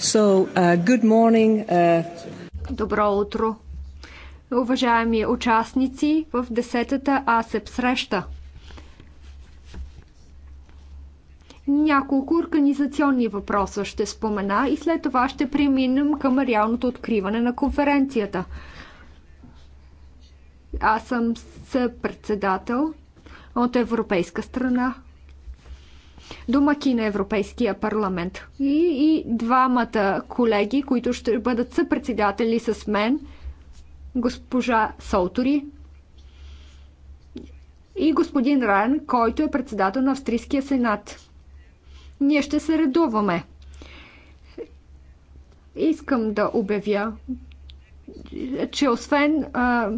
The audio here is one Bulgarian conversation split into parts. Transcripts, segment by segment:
So, uh, good morning, uh... Добро утро, уважаеми участници в 10-та АСЕП среща. Няколко организационни въпроса ще спомена и след това ще преминем към реалното откриване на конференцията. Аз съм съпредседател от европейска страна домаки на Европейския парламент. И, и двамата колеги, които ще бъдат съпредседатели с мен, госпожа Солтори и господин Райан, който е председател на Австрийския сенат. Ние ще се редуваме. Искам да обявя, че освен а,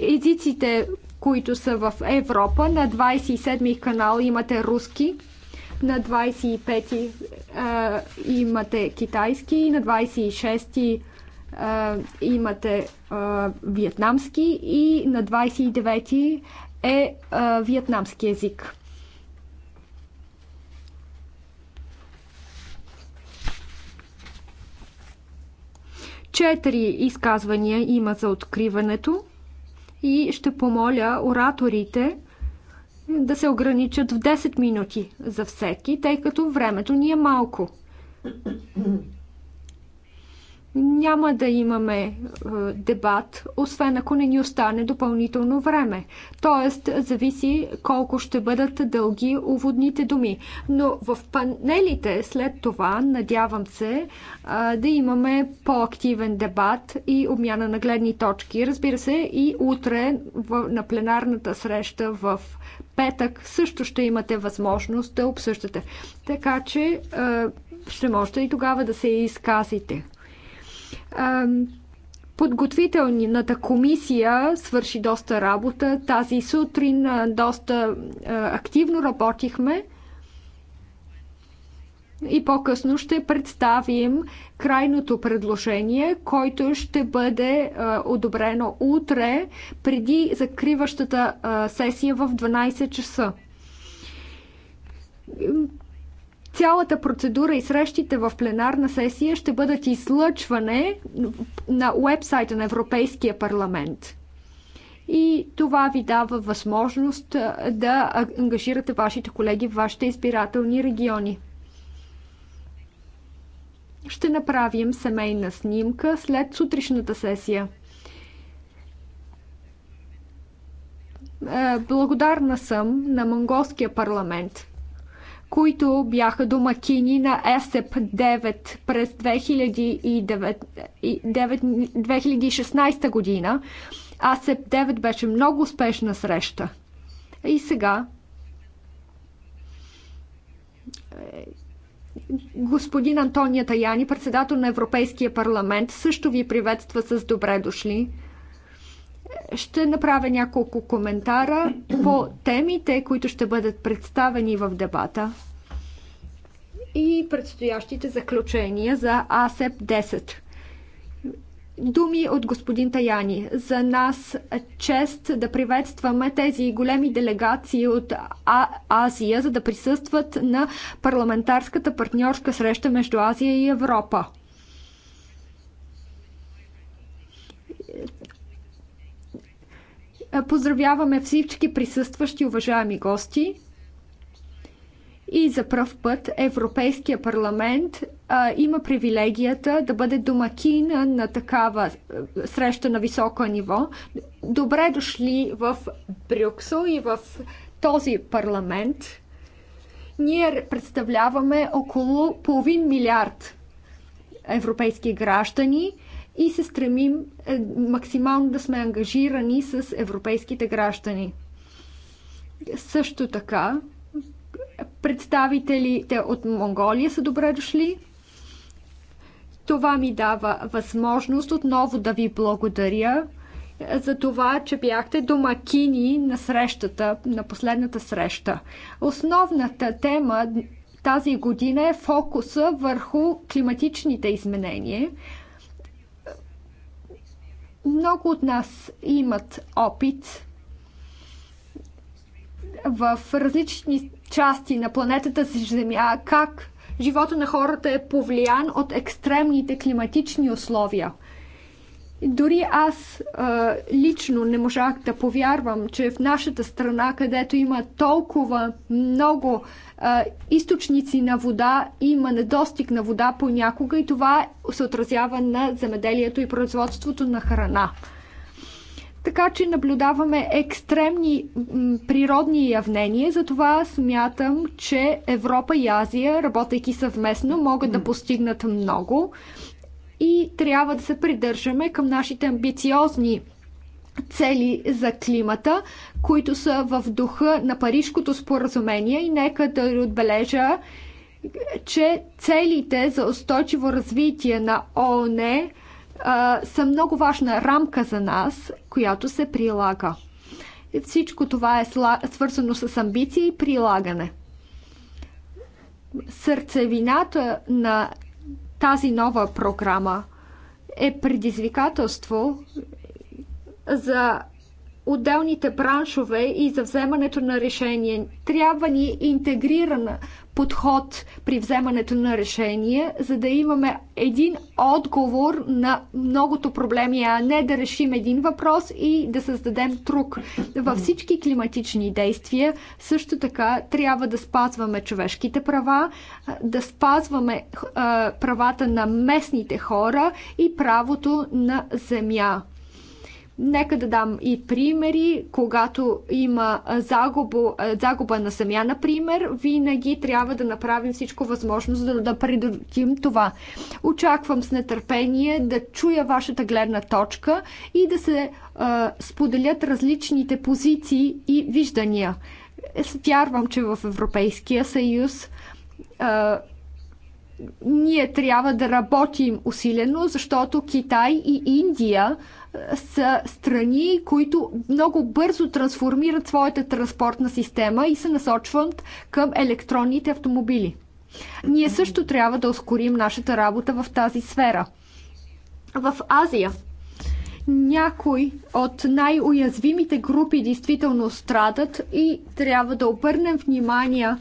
езиците, които са в Европа, на 27 канал имате руски, на 25 а, имате китайски, на 26 а, имате а, вьетнамски и на 29 е а, вьетнамски език. Четири изказвания има за откриването и ще помоля ораторите да се ограничат в 10 минути за всеки, тъй като времето ни е малко. Няма да имаме е, дебат, освен ако не ни остане допълнително време. Тоест, зависи колко ще бъдат дълги уводните думи. Но в панелите след това, надявам се, е, да имаме по-активен дебат и обмяна на гледни точки. Разбира се, и утре в, на пленарната среща в петък също ще имате възможност да обсъждате. Така че ще можете и тогава да се изказите. Подготвителната комисия свърши доста работа. Тази сутрин доста активно работихме и по-късно ще представим крайното предложение, който ще бъде одобрено утре преди закриващата сесия в 12 часа. Цялата процедура и срещите в пленарна сесия ще бъдат излъчване на уебсайта на Европейския парламент. И това ви дава възможност да ангажирате вашите колеги в вашите избирателни региони ще направим семейна снимка след сутрешната сесия. Е, благодарна съм на монголския парламент, които бяха домакини на ЕСЕП 9 през 2009, 2016 година. АСЕП 9 беше много успешна среща. И сега Господин Антония Таяни, председател на Европейския парламент, също ви приветства с добре дошли. Ще направя няколко коментара по темите, които ще бъдат представени в дебата и предстоящите заключения за АСЕП 10 думи от господин Таяни. За нас чест да приветстваме тези големи делегации от а- Азия, за да присъстват на парламентарската партньорска среща между Азия и Европа. Поздравяваме всички присъстващи уважаеми гости. И за пръв път Европейския парламент а, има привилегията да бъде домакина на такава е, среща на високо ниво. Добре дошли в Брюксел и в този парламент. Ние представляваме около половин милиард европейски граждани и се стремим е, максимално да сме ангажирани с европейските граждани. Също така, представителите от Монголия са добре дошли това ми дава възможност отново да ви благодаря е, за това, че бяхте домакини на срещата, на последната среща. Основната тема тази година е фокуса върху климатичните изменения. Много от нас имат опит в различни части на планетата си Земя, как живота на хората е повлиян от екстремните климатични условия. Дори аз а, лично не можах да повярвам, че в нашата страна, където има толкова много а, източници на вода, има недостиг на вода понякога и това се отразява на земеделието и производството на храна. Така че наблюдаваме екстремни природни явнения, затова смятам, че Европа и Азия, работейки съвместно, могат да постигнат много и трябва да се придържаме към нашите амбициозни цели за климата, които са в духа на Парижкото споразумение и нека да отбележа, че целите за устойчиво развитие на ООН е са много важна рамка за нас, която се прилага. И всичко това е свързано с амбиции и прилагане. Сърцевината на тази нова програма е предизвикателство за отделните браншове и за вземането на решение. Трябва ни интегриран подход при вземането на решения, за да имаме един отговор на многото проблеми, а не да решим един въпрос и да създадем друг. Във всички климатични действия също така трябва да спазваме човешките права, да спазваме правата на местните хора и правото на земя. Нека да дам и примери. Когато има загуба, загуба на семя, например, винаги трябва да направим всичко възможно, за да предотвратим това. Очаквам с нетърпение да чуя вашата гледна точка и да се а, споделят различните позиции и виждания. Е, вярвам, че в Европейския съюз а, ние трябва да работим усилено, защото Китай и Индия са страни, които много бързо трансформират своята транспортна система и се насочват към електронните автомобили. Ние също трябва да ускорим нашата работа в тази сфера. В Азия някои от най-уязвимите групи действително страдат и трябва да обърнем внимание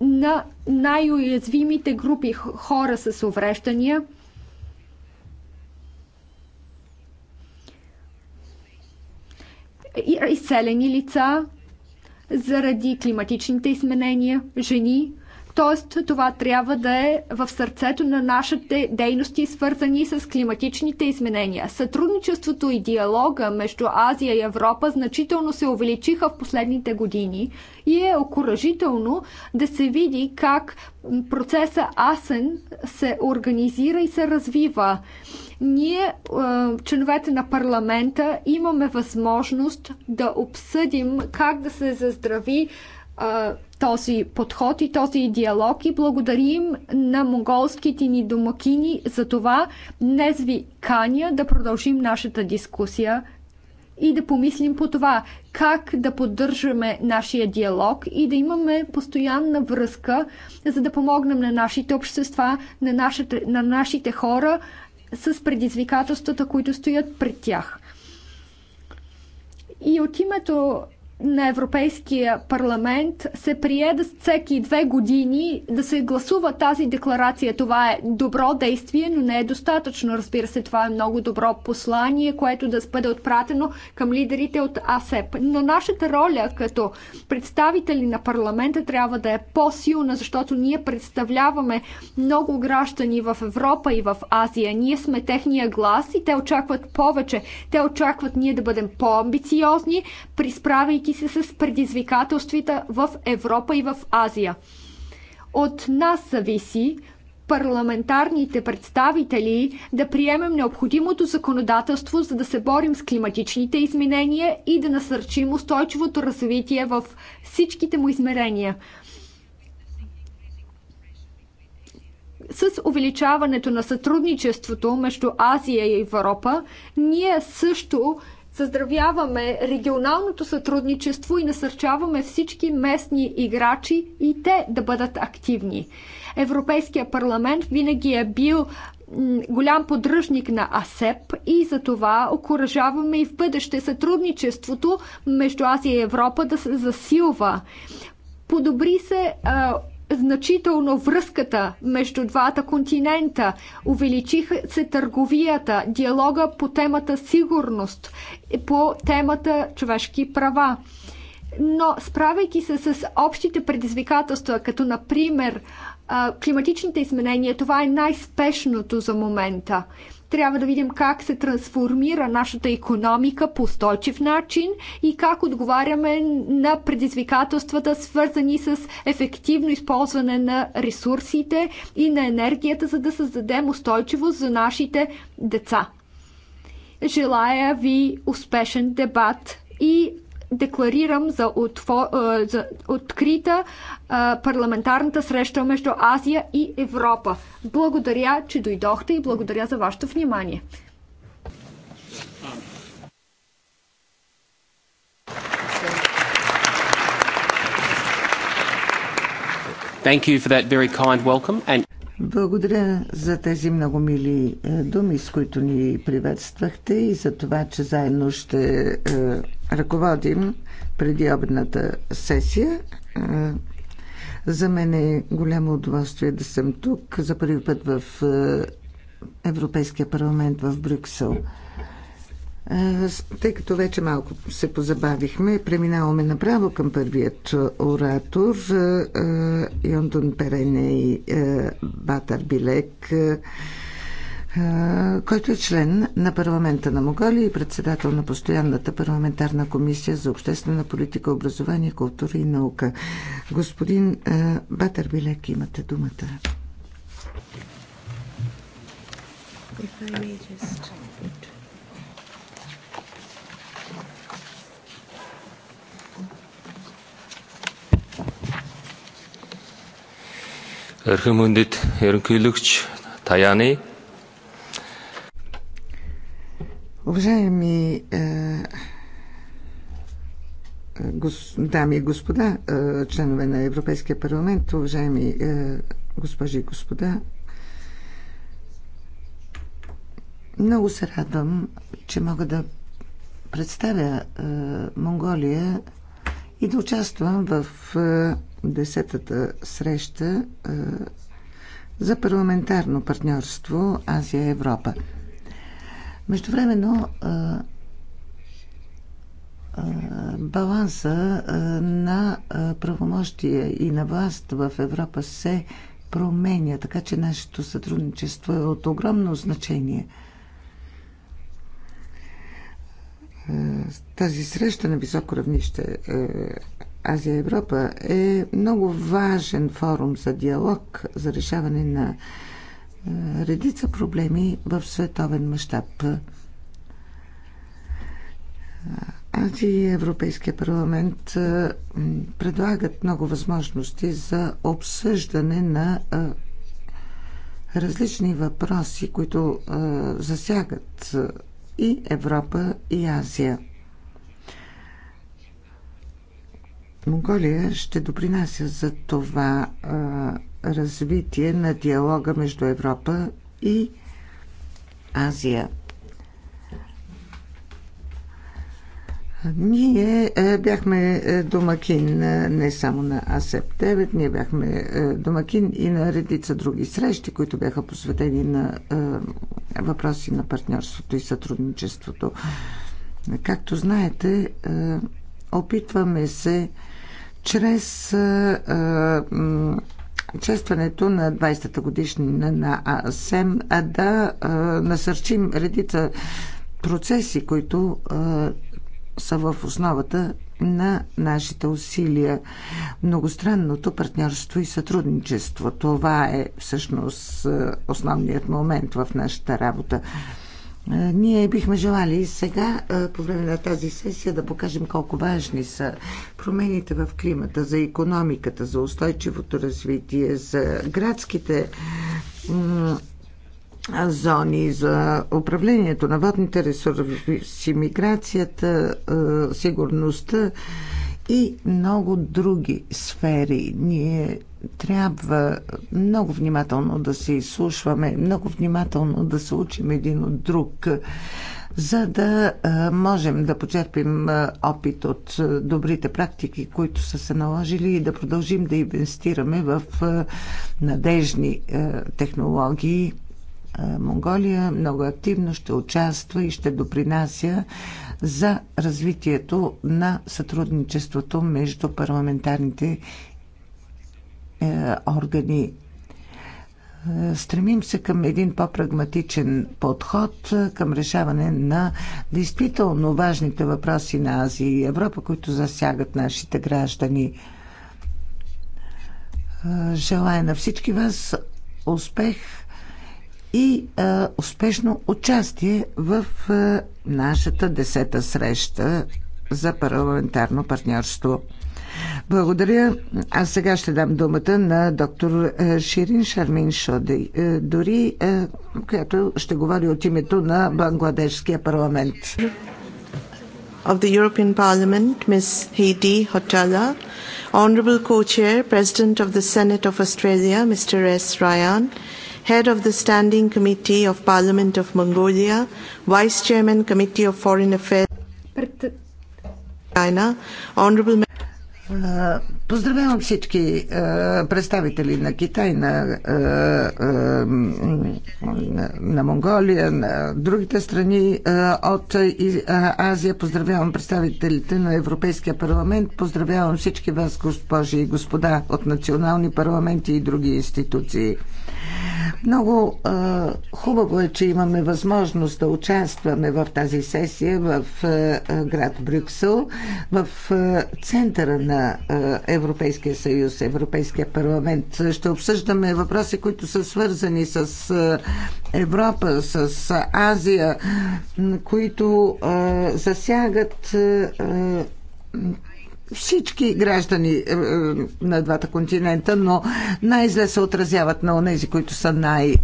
на най-уязвимите групи хора с увреждания – изцелени лица заради климатичните изменения, жени, Тоест, това трябва да е в сърцето на нашите дейности, свързани с климатичните изменения. Сътрудничеството и диалога между Азия и Европа значително се увеличиха в последните години и е окоръжително да се види как процеса АСЕН се организира и се развива. Ние, е, членовете на парламента, имаме възможност да обсъдим как да се заздрави този подход и този диалог и благодарим на монголските ни домакини за това. Днес ви каня да продължим нашата дискусия и да помислим по това как да поддържаме нашия диалог и да имаме постоянна връзка, за да помогнем на нашите общества, на, нашите, на нашите хора с предизвикателствата, които стоят пред тях. И от името на Европейския парламент се прие да всеки две години да се гласува тази декларация. Това е добро действие, но не е достатъчно. Разбира се, това е много добро послание, което да бъде отпратено към лидерите от АСЕП. Но нашата роля като представители на парламента трябва да е по-силна, защото ние представляваме много граждани в Европа и в Азия. Ние сме техния глас и те очакват повече. Те очакват ние да бъдем по-амбициозни, при справяйки сблъсквайки се с предизвикателствата в Европа и в Азия. От нас зависи парламентарните представители да приемем необходимото законодателство, за да се борим с климатичните изменения и да насърчим устойчивото развитие в всичките му измерения. С увеличаването на сътрудничеството между Азия и Европа, ние също Създравяваме регионалното сътрудничество и насърчаваме всички местни играчи и те да бъдат активни. Европейския парламент винаги е бил голям поддръжник на АСЕП и за това окоръжаваме и в бъдеще сътрудничеството между Азия и Европа да се засилва. Подобри се а, значително връзката между двата континента, увеличиха се търговията, диалога по темата сигурност, по темата човешки права но справяйки се с общите предизвикателства, като например климатичните изменения, това е най-спешното за момента. Трябва да видим как се трансформира нашата економика по устойчив начин и как отговаряме на предизвикателствата, свързани с ефективно използване на ресурсите и на енергията, за да създадем устойчивост за нашите деца. Желая ви успешен дебат и декларирам за, отво, за открита парламентарната среща между Азия и Европа. Благодаря, че дойдохте и благодаря за вашето внимание. Thank you for that very kind welcome and благодаря за тези много мили е, думи, с които ни приветствахте и за това, че заедно ще е, ръководим преди обедната сесия. За мен е голямо удоволствие да съм тук за първи път в е, Европейския парламент в Брюксел. Е, тъй като вече малко се позабавихме, преминаваме направо към първият оратор е, Йондон Перене и Батар Билек който е член на парламента на Моголия и председател на постоянната парламентарна комисия за обществена политика, образование, култура и наука. Господин Батър Билек, имате думата. Эрхэм хүндэт таяни, Уважаеми е, дами и господа, е, членове на Европейския парламент, уважаеми е, госпожи и господа, много се радвам, че мога да представя Монголия и да участвам в десетата среща за парламентарно партньорство Азия-Европа. Междувременно баланса на правомощия и на власт в Европа се променя, така че нашето сътрудничество е от огромно значение. Е, тази среща на високо равнище е, Азия-Европа е много важен форум за диалог, за решаване на редица проблеми в световен мащаб. Ази и Европейския парламент предлагат много възможности за обсъждане на различни въпроси, които засягат и Европа, и Азия. Монголия ще допринася за това развитие на диалога между Европа и Азия. Ние е, бяхме е, домакин е, не само на АСЕП-9, ние бяхме домакин и на редица други срещи, които бяха посветени на въпроси на партньорството и сътрудничеството. Както знаете, опитваме се чрез честването на 20-та годишнина на АСЕМ да насърчим редица процеси, които са в основата на нашите усилия. Многостранното партньорство и сътрудничество. Това е всъщност основният момент в нашата работа. Е, ние бихме желали сега, е, по време на тази сесия, да покажем колко важни са промените в климата, за економиката, за устойчивото развитие, за градските зони, за управлението на водните ресурси, миграцията, е, сигурността, и много други сфери. Ние трябва много внимателно да се изслушваме, много внимателно да се учим един от друг, за да можем да почерпим опит от добрите практики, които са се наложили и да продължим да инвестираме в надежни технологии. Монголия много активно ще участва и ще допринася за развитието на сътрудничеството между парламентарните е, органи. Е, стремим се към един по-прагматичен подход е, към решаване на действително важните въпроси на Азия и Европа, които засягат нашите граждани. Желая на всички вас успех! и а, успешно участие в а, нашата десета среща за парламентарно партньорство. Благодаря. А сега ще дам думата на доктор Ширин Шармин Шоди, дори която ще говори от името на Бангладешския парламент. Of the European Parliament, Ms. Heidi Hotala, Honorable Co-Chair, President of the Senate of Australia, Mr. S. Ryan, head of the Standing Committee of Parliament of Mongolia, Vice Chairman Committee of Foreign Affairs China, Honorable Поздравявам всички а, е, представители на Китай, на, а, е, а, е, на Монголия, на другите страни а, от а, Азия. Поздравявам представителите на Европейския парламент. Поздравявам всички вас, госпожи и господа, от национални парламенти и други институции. Много а, хубаво е, че имаме възможност да участваме в тази сесия в а, град Брюксел, в а, центъра на а, Европейския съюз, Европейския парламент. Ще обсъждаме въпроси, които са свързани с Европа, с Азия, които засягат всички граждани е, е, на двата континента, но най-зле се отразяват на онези, които са най, е,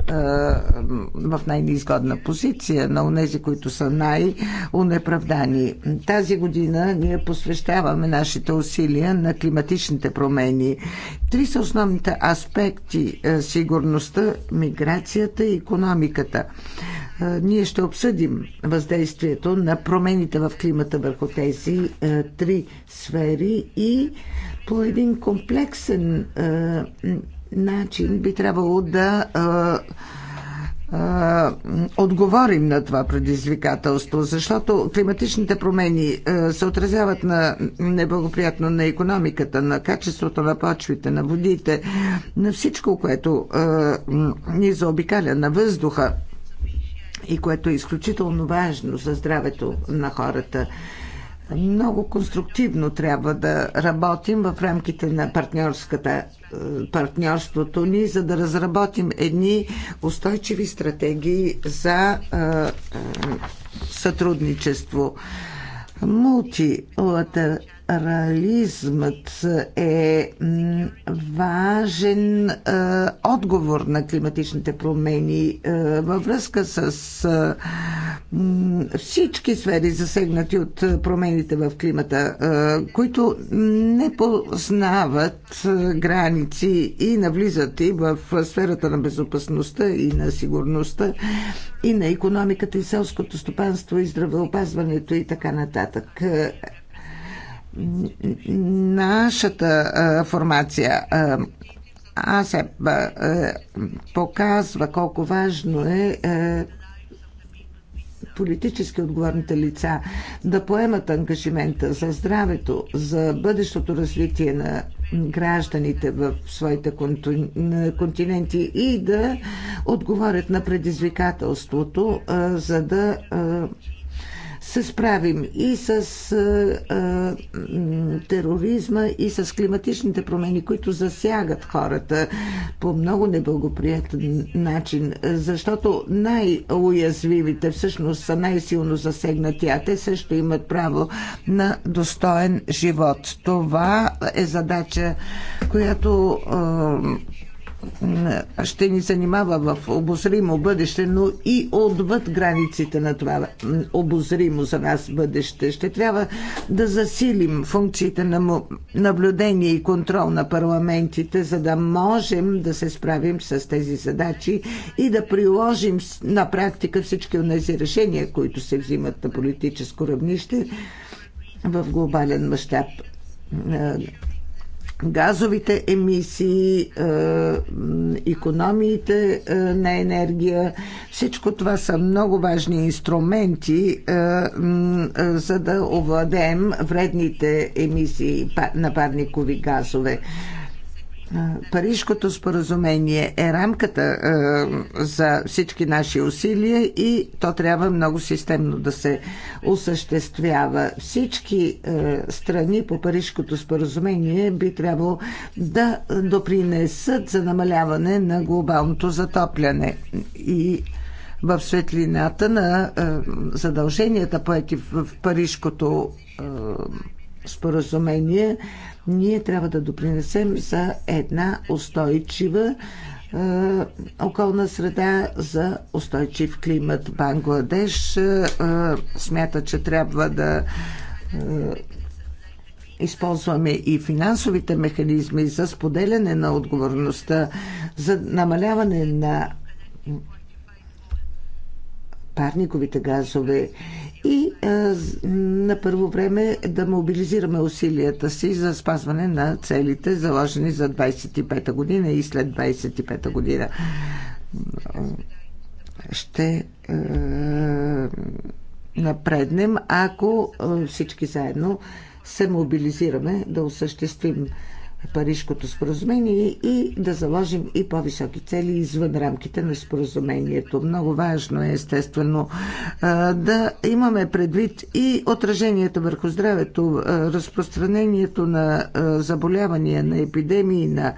в най-неизгодна позиция, на онези, които са най-унеправдани. Тази година ние посвещаваме нашите усилия на климатичните промени. Три са основните аспекти – сигурността, миграцията и економиката ние ще обсъдим въздействието на промените в климата върху тези три сфери и по един комплексен начин би трябвало да отговорим на това предизвикателство, защото климатичните промени се отразяват на неблагоприятно на економиката, на качеството на почвите, на водите, на всичко, което ни заобикаля, на въздуха и което е изключително важно за здравето на хората. Много конструктивно трябва да работим в рамките на партньорската, партньорството ни, за да разработим едни устойчиви стратегии за сътрудничество. Мултилата реализмът е важен е, отговор на климатичните промени е, във връзка с е, всички сфери, засегнати от промените в климата, е, които не познават граници и навлизат и в сферата на безопасността и на сигурността и на економиката и селското стопанство и здравеопазването и така нататък нашата а, формация а, АСЕП а, показва колко важно е а, политически отговорните лица да поемат ангажимента за здравето, за бъдещото развитие на гражданите в своите континенти и да отговорят на предизвикателството, за да се справим и с а, е, е, тероризма, и с климатичните промени, които засягат хората по много неблагоприятен начин, защото най-уязвивите всъщност са най-силно засегнати, а те също имат право на достоен живот. Това е задача, която а, е, ще ни занимава в обозримо бъдеще, но и отвъд границите на това обозримо за нас бъдеще. Ще трябва да засилим функциите на наблюдение и контрол на парламентите, за да можем да се справим с тези задачи и да приложим на практика всички от тези решения, които се взимат на политическо равнище в глобален мащаб е, газовите емисии, економиите е, на енергия. Всичко това са много важни инструменти, е, е, за да овладеем вредните емисии на парникови газове. Е, Парижкото споразумение е рамката е, за всички наши усилия и то трябва много системно да се осъществява. Всички е, страни по Парижкото споразумение би трябвало да допринесат за намаляване на глобалното затопляне и в светлината на задълженията поети в Парижкото споразумение, ние трябва да допринесем за една устойчива е, околна среда, за устойчив климат. Бангладеш е, смята, че трябва да е, използваме и финансовите механизми за споделяне на отговорността, за намаляване на парниковите газове и на първо време да мобилизираме усилията си за спазване на целите, заложени за 25-та година и след 25-та година. Ще напреднем, ако всички заедно се мобилизираме да осъществим Парижкото споразумение и да заложим и по-високи цели извън рамките на споразумението. Много важно е, естествено, да имаме предвид и отражението върху здравето, разпространението на заболявания, на епидемии, на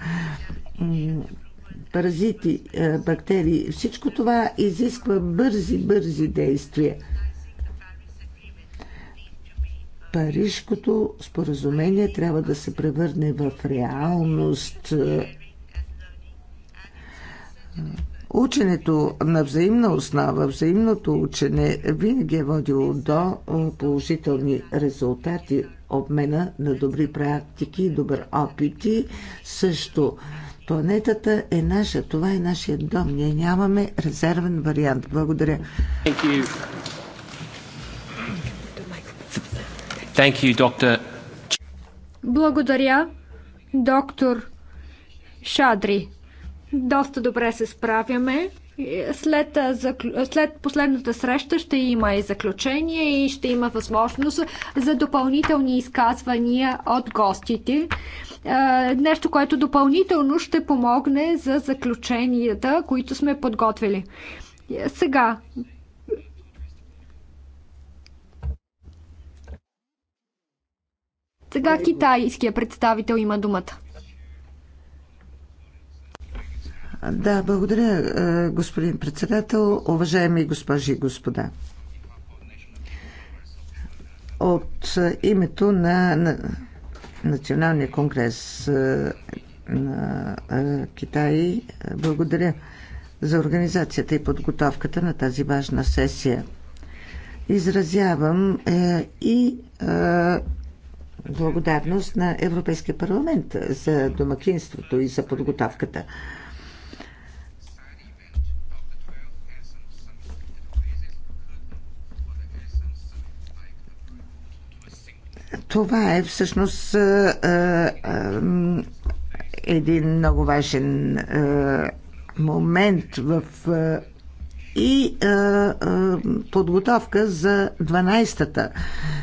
паразити, бактерии. Всичко това изисква бързи, бързи действия. Парижкото споразумение трябва да се превърне в реалност. Ученето на взаимна основа, взаимното учене винаги е водило до положителни резултати, обмена на добри практики и добър опит и също планетата е наша, това е нашия дом. Ние нямаме резервен вариант. Благодаря. Thank you, доктор. Благодаря, доктор Шадри. Доста добре се справяме. След, след последната среща ще има и заключение и ще има възможност за допълнителни изказвания от гостите. Нещо, което допълнително ще помогне за заключенията, които сме подготвили. Сега, Сега китайския представител има думата. Да, благодаря, е, господин председател, уважаеми госпожи и господа. От името на Националния конгрес е, на е, Китай, благодаря за организацията и подготовката на тази важна сесия. Изразявам и благодарност на Европейския парламент за домакинството и за подготовката. Това е всъщност един много важен момент в и а, а, подготовка за 12-та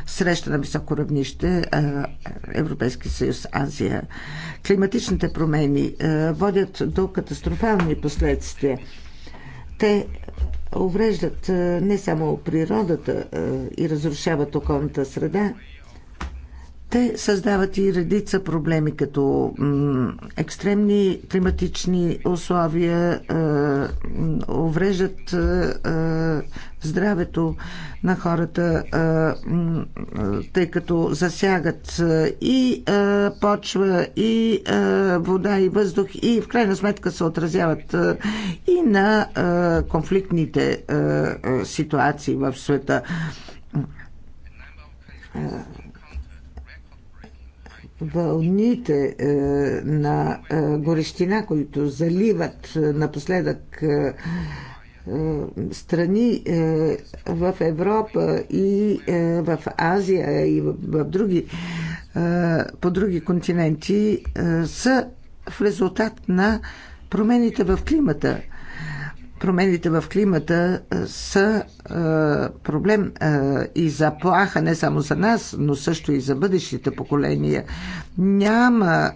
среща на високо равнище а, Европейски съюз Азия. Климатичните промени а, водят до катастрофални последствия. Те увреждат не само природата и разрушават околната среда, те създават и редица проблеми, като екстремни климатични условия, увреждат здравето на хората, тъй като засягат и почва, и вода, и въздух, и в крайна сметка се отразяват и на конфликтните ситуации в света вълните е, на е, горещина, които заливат е, напоследък страни в Европа и в Азия и в други, по други континенти са в резултат на промените в климата промените в климата е, са е, проблем е, и заплаха не само за нас, но също и за бъдещите поколения. Няма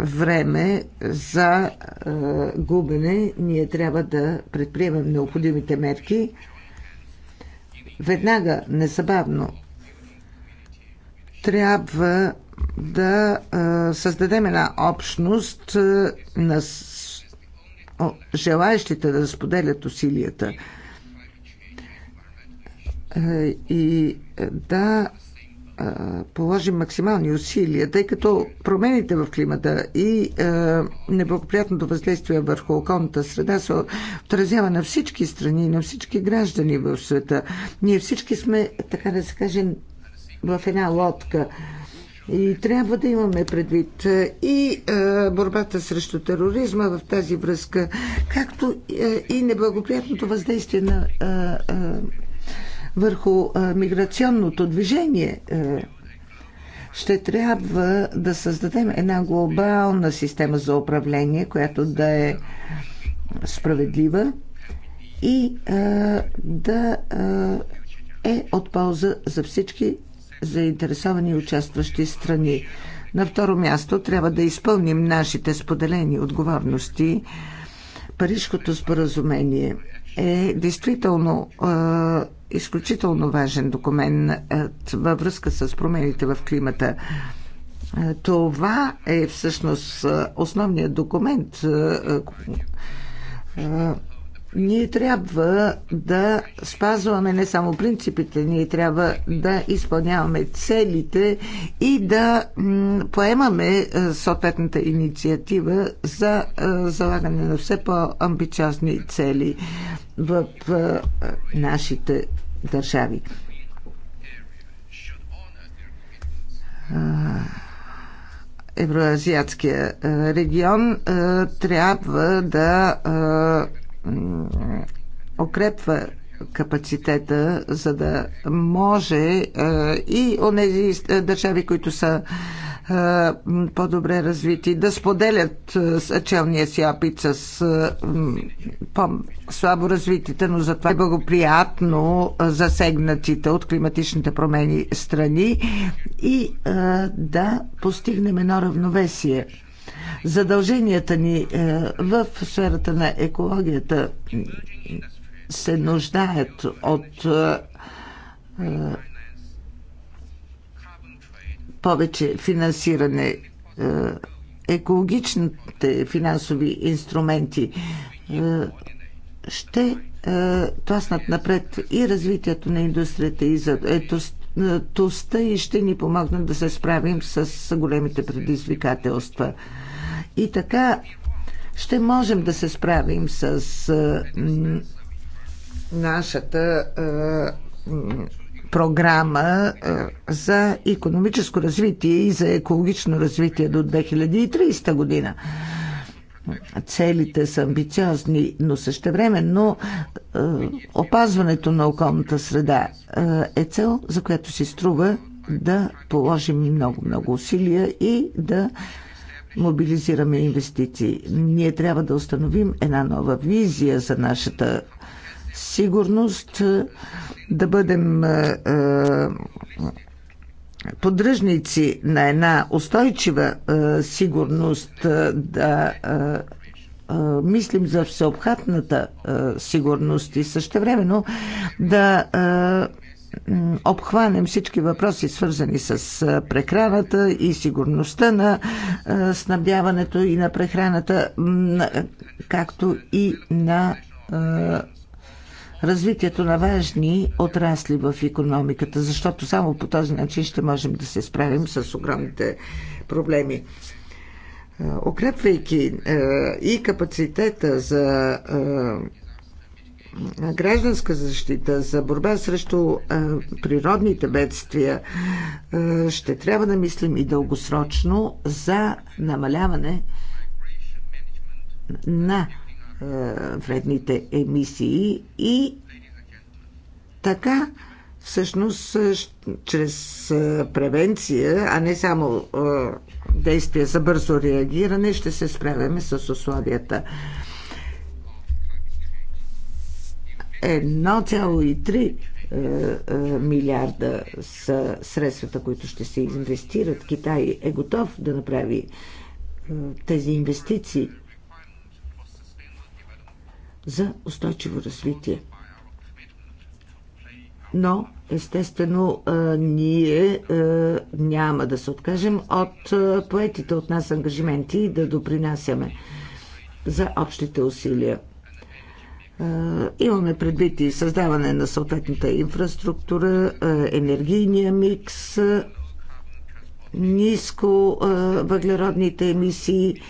време за губене. Ние трябва да предприемем необходимите мерки веднага, незабавно. Трябва да създадем една общност на желаящите да споделят усилията. Е, и да положим максимални усилия, тъй като промените в климата и е, неблагоприятното въздействие върху околната среда се отразява на всички страни, на всички граждани в света. Ние всички сме, така да се каже, в една лодка – и трябва да имаме предвид и е, борбата срещу тероризма в тази връзка, както е, и неблагоприятното въздействие на, е, върху а, миграционното движение. А, ще трябва да създадем една глобална система за управление, която да е справедлива и а, да а, е от полза за всички заинтересовани и участващи страни. На второ място трябва да изпълним нашите споделени отговорности. Парижкото споразумение е действително е, изключително важен документ във връзка с промените в климата. Това е всъщност основният документ, ние трябва да спазваме не само принципите, ние трябва да изпълняваме целите и да поемаме е, съответната инициатива за е, залагане на все по-амбициозни цели в е, нашите държави. Евроазиатския регион трябва да укрепва капацитета, за да може и онези държави, които са по-добре развити, да споделят челния си опит с по-слабо развитите, но затова е благоприятно засегнатите от климатичните промени страни и да постигнем едно равновесие задълженията ни е, в сферата на екологията се нуждаят от е, е, повече финансиране. Екологичните финансови инструменти ще тласнат напред и развитието на индустрията и за етостта и ще ни помогнат да се справим с големите предизвикателства. И така ще можем да се справим с нашата програма за економическо развитие и за екологично развитие до 2030 година. Целите са амбициозни, но същевременно опазването на околната среда е цел, за която си струва да положим много-много усилия и да мобилизираме инвестиции. Ние трябва да установим една нова визия за нашата сигурност, да бъдем е, е, поддръжници на една устойчива е, сигурност, да мислим за всеобхватната сигурност и времено да обхванем всички въпроси, свързани с прехраната и сигурността на снабдяването и на прехраната, както и на развитието на важни отрасли в економиката, защото само по този начин ще можем да се справим с огромните проблеми. Укрепвайки и капацитета за гражданска защита, за борба срещу природните бедствия, ще трябва да мислим и дългосрочно за намаляване на вредните емисии и така всъщност чрез превенция, а не само действия за бързо реагиране, ще се справяме с условията. 1,3 е, е, милиарда са средствата, които ще се инвестират. Китай е готов да направи е, тези инвестиции за устойчиво развитие. Но, естествено, ние няма да се откажем от поетите от нас ангажименти и да допринасяме за общите усилия. Имаме предвид и създаване на съответната инфраструктура, енергийния микс, ниско въглеродните емисии,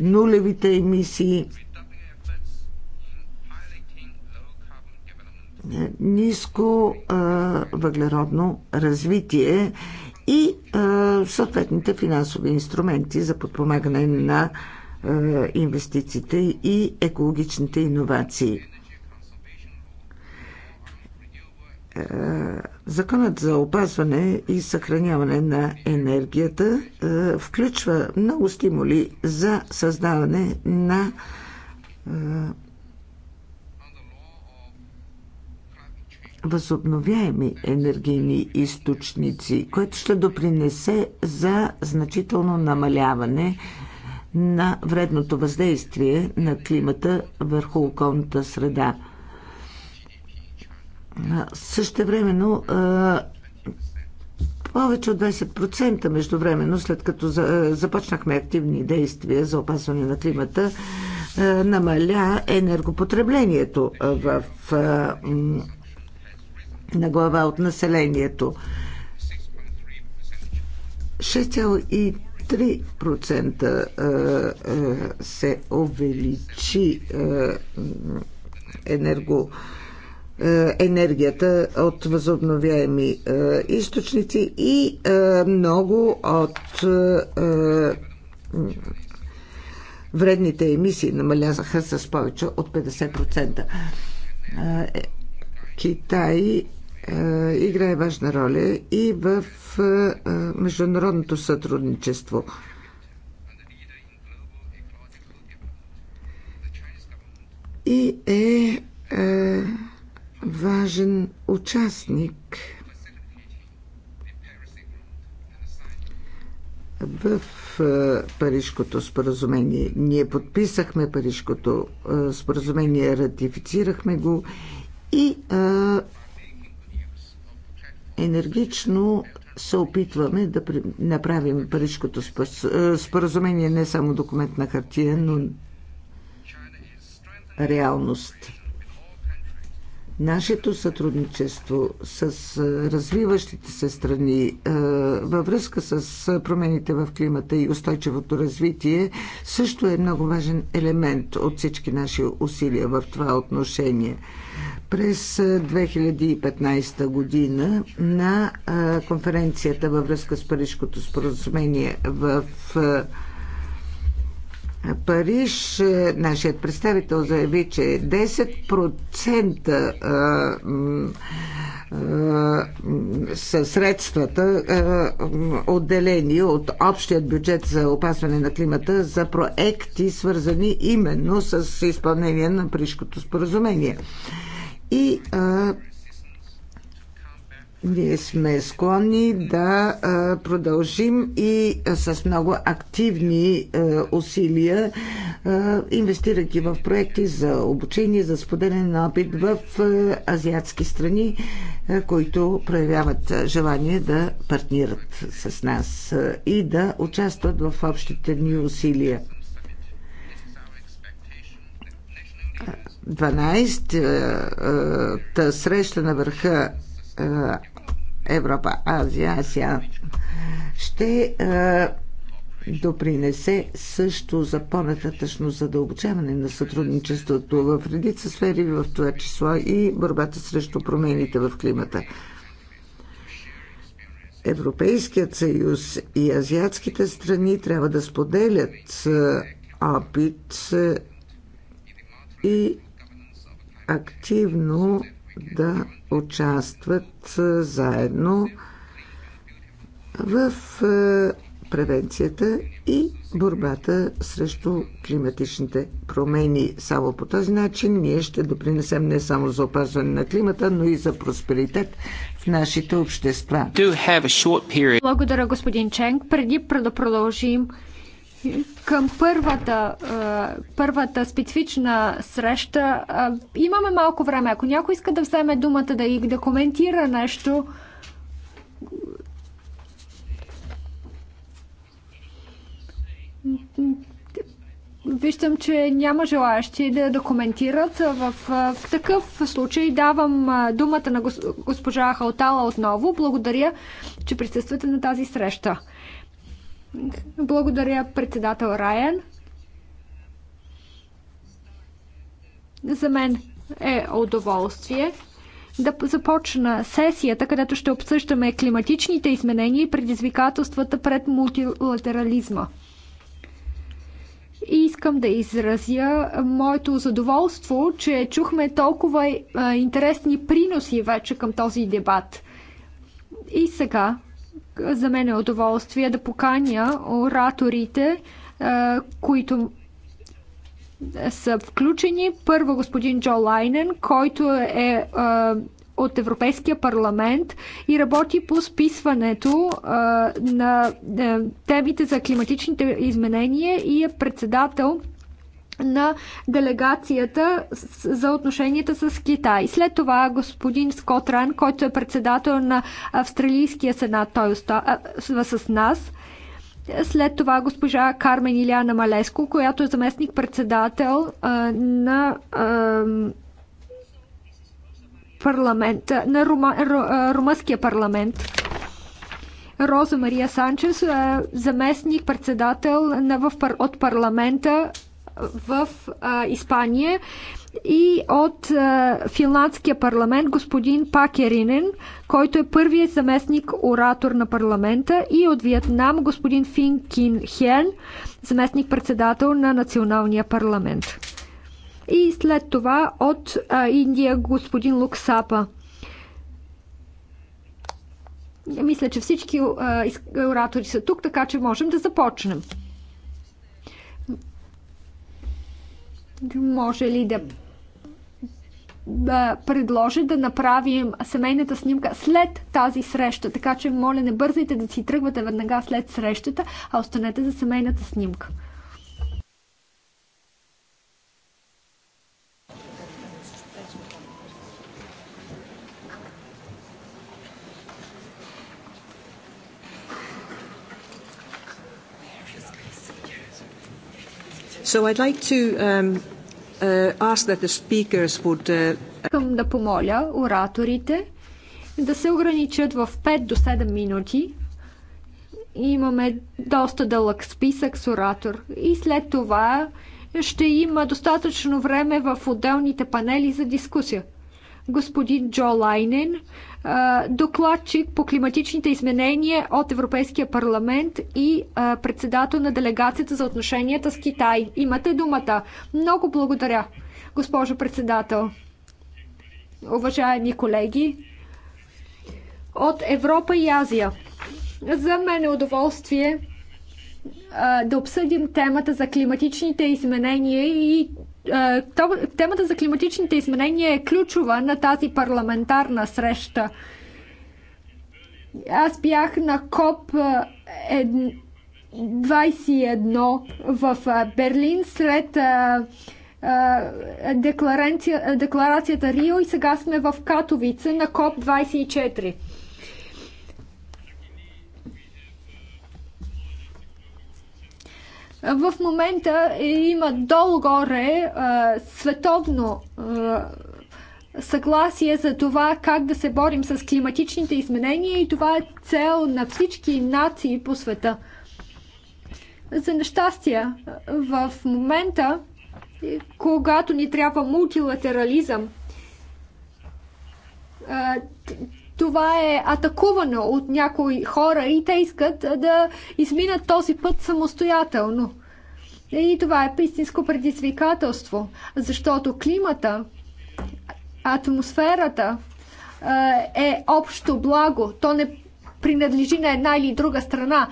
нулевите емисии, ниско въглеродно развитие и съответните финансови инструменти за подпомагане на е, инвестициите и екологичните иновации. Е, законът за опазване и съхраняване на енергията е, включва много стимули за създаване на възобновяеми енергийни източници, което ще допринесе за значително намаляване на вредното въздействие на климата върху околната среда. времено повече от 20% междувременно, след като започнахме активни действия за опазване на климата, намаля енергопотреблението в, на глава от населението. 6,3 3% се увеличи енерго енергията от възобновяеми източници и много от вредните емисии намалязаха с повече от 50%. Е, Китай играе важна роля и в е, е, международното сътрудничество. И е, е важен участник в е, Парижкото споразумение. Ние подписахме Парижкото споразумение, ратифицирахме го и енергично се опитваме да направим Парижското е, споразумение не само документ на хартия, но реалност нашето сътрудничество с развиващите се страни във връзка с промените в климата и устойчивото развитие също е много важен елемент от всички наши усилия в това отношение. През 2015 година на конференцията във връзка с Парижкото споразумение в Париж, е, нашият представител заяви, че 10% е, е, са средствата отделени от общият бюджет за опазване на климата за проекти, свързани именно с изпълнение на Парижкото споразумение. И а, ние сме склонни да продължим и с много активни усилия, инвестирайки в проекти за обучение, за споделяне на опит в азиатски страни, които проявяват желание да партнират с нас и да участват в общите ни усилия. 12-та среща на върха е, Европа, Азия, Асия ще е, допринесе също за по-нататъчно задълбочаване на сътрудничеството в редица сфери, в това число и борбата срещу промените в климата. Европейският съюз и азиатските страни трябва да споделят е, опит и активно да участват е, заедно в е, превенцията и борбата срещу климатичните промени. Само по този начин ние ще допринесем не само за опазване на климата, но и за просперитет в нашите общества. Благодаря, господин Ченг. Преди да продължим към първата, първата специфична среща. Имаме малко време. Ако някой иска да вземе думата да, и да коментира нещо, Виждам, че няма желаящи да, да коментират. В, в такъв случай давам думата на госпожа Халтала отново. Благодаря, че присъствате на тази среща. Благодаря, председател Райан. За мен е удоволствие да започна сесията, където ще обсъждаме климатичните изменения и предизвикателствата пред мултилатерализма. И искам да изразя моето задоволство, че чухме толкова интересни приноси вече към този дебат. И сега за мен е удоволствие да поканя ораторите, е, които са включени. Първо господин Джо Лайнен, който е, е от Европейския парламент и работи по списването е, на темите за климатичните изменения и е председател на делегацията за отношенията с Китай. След това господин Скот Ран, който е председател на Австралийския сенат, той остава с нас. След това госпожа Кармен Иляна Малеско, която е заместник-председател на парламент, на румънския парламент. Роза Мария Санчес, заместник-председател на, в, от парламента в а, Испания и от а, финландския парламент господин Пакеринен, който е първият заместник оратор на парламента и от Виетнам господин Фин Кин Хен, заместник председател на националния парламент. И след това от а, Индия господин Луксапа. Мисля, че всички а, оратори са тук, така че можем да започнем. може ли да да предложа да направим семейната снимка след тази среща. Така че, моля, не бързайте да си тръгвате веднага след срещата, а останете за семейната снимка. So I'd like to um, uh, ask that the speakers would... Uh... да помоля ораторите да се ограничат в 5 до 7 минути. Имаме доста дълъг списък с оратор. И след това ще има достатъчно време в отделните панели за дискусия господин Джо Лайнен, докладчик по климатичните изменения от Европейския парламент и председател на делегацията за отношенията с Китай. Имате думата. Много благодаря, госпожо председател. Уважаеми колеги от Европа и Азия. За мен е удоволствие да обсъдим темата за климатичните изменения и Темата за климатичните изменения е ключова на тази парламентарна среща. Аз бях на КОП 21 в Берлин след декларацията Рио и сега сме в Катовица на КОП 24. В момента има долу-горе е, световно е, съгласие за това как да се борим с климатичните изменения и това е цел на всички нации по света. За нещастие, в момента, е, когато ни трябва мултилатерализъм, това е атакувано от някои хора и те искат да изминат този път самостоятелно. И това е истинско предизвикателство, защото климата, атмосферата е общо благо. То не принадлежи на една или друга страна.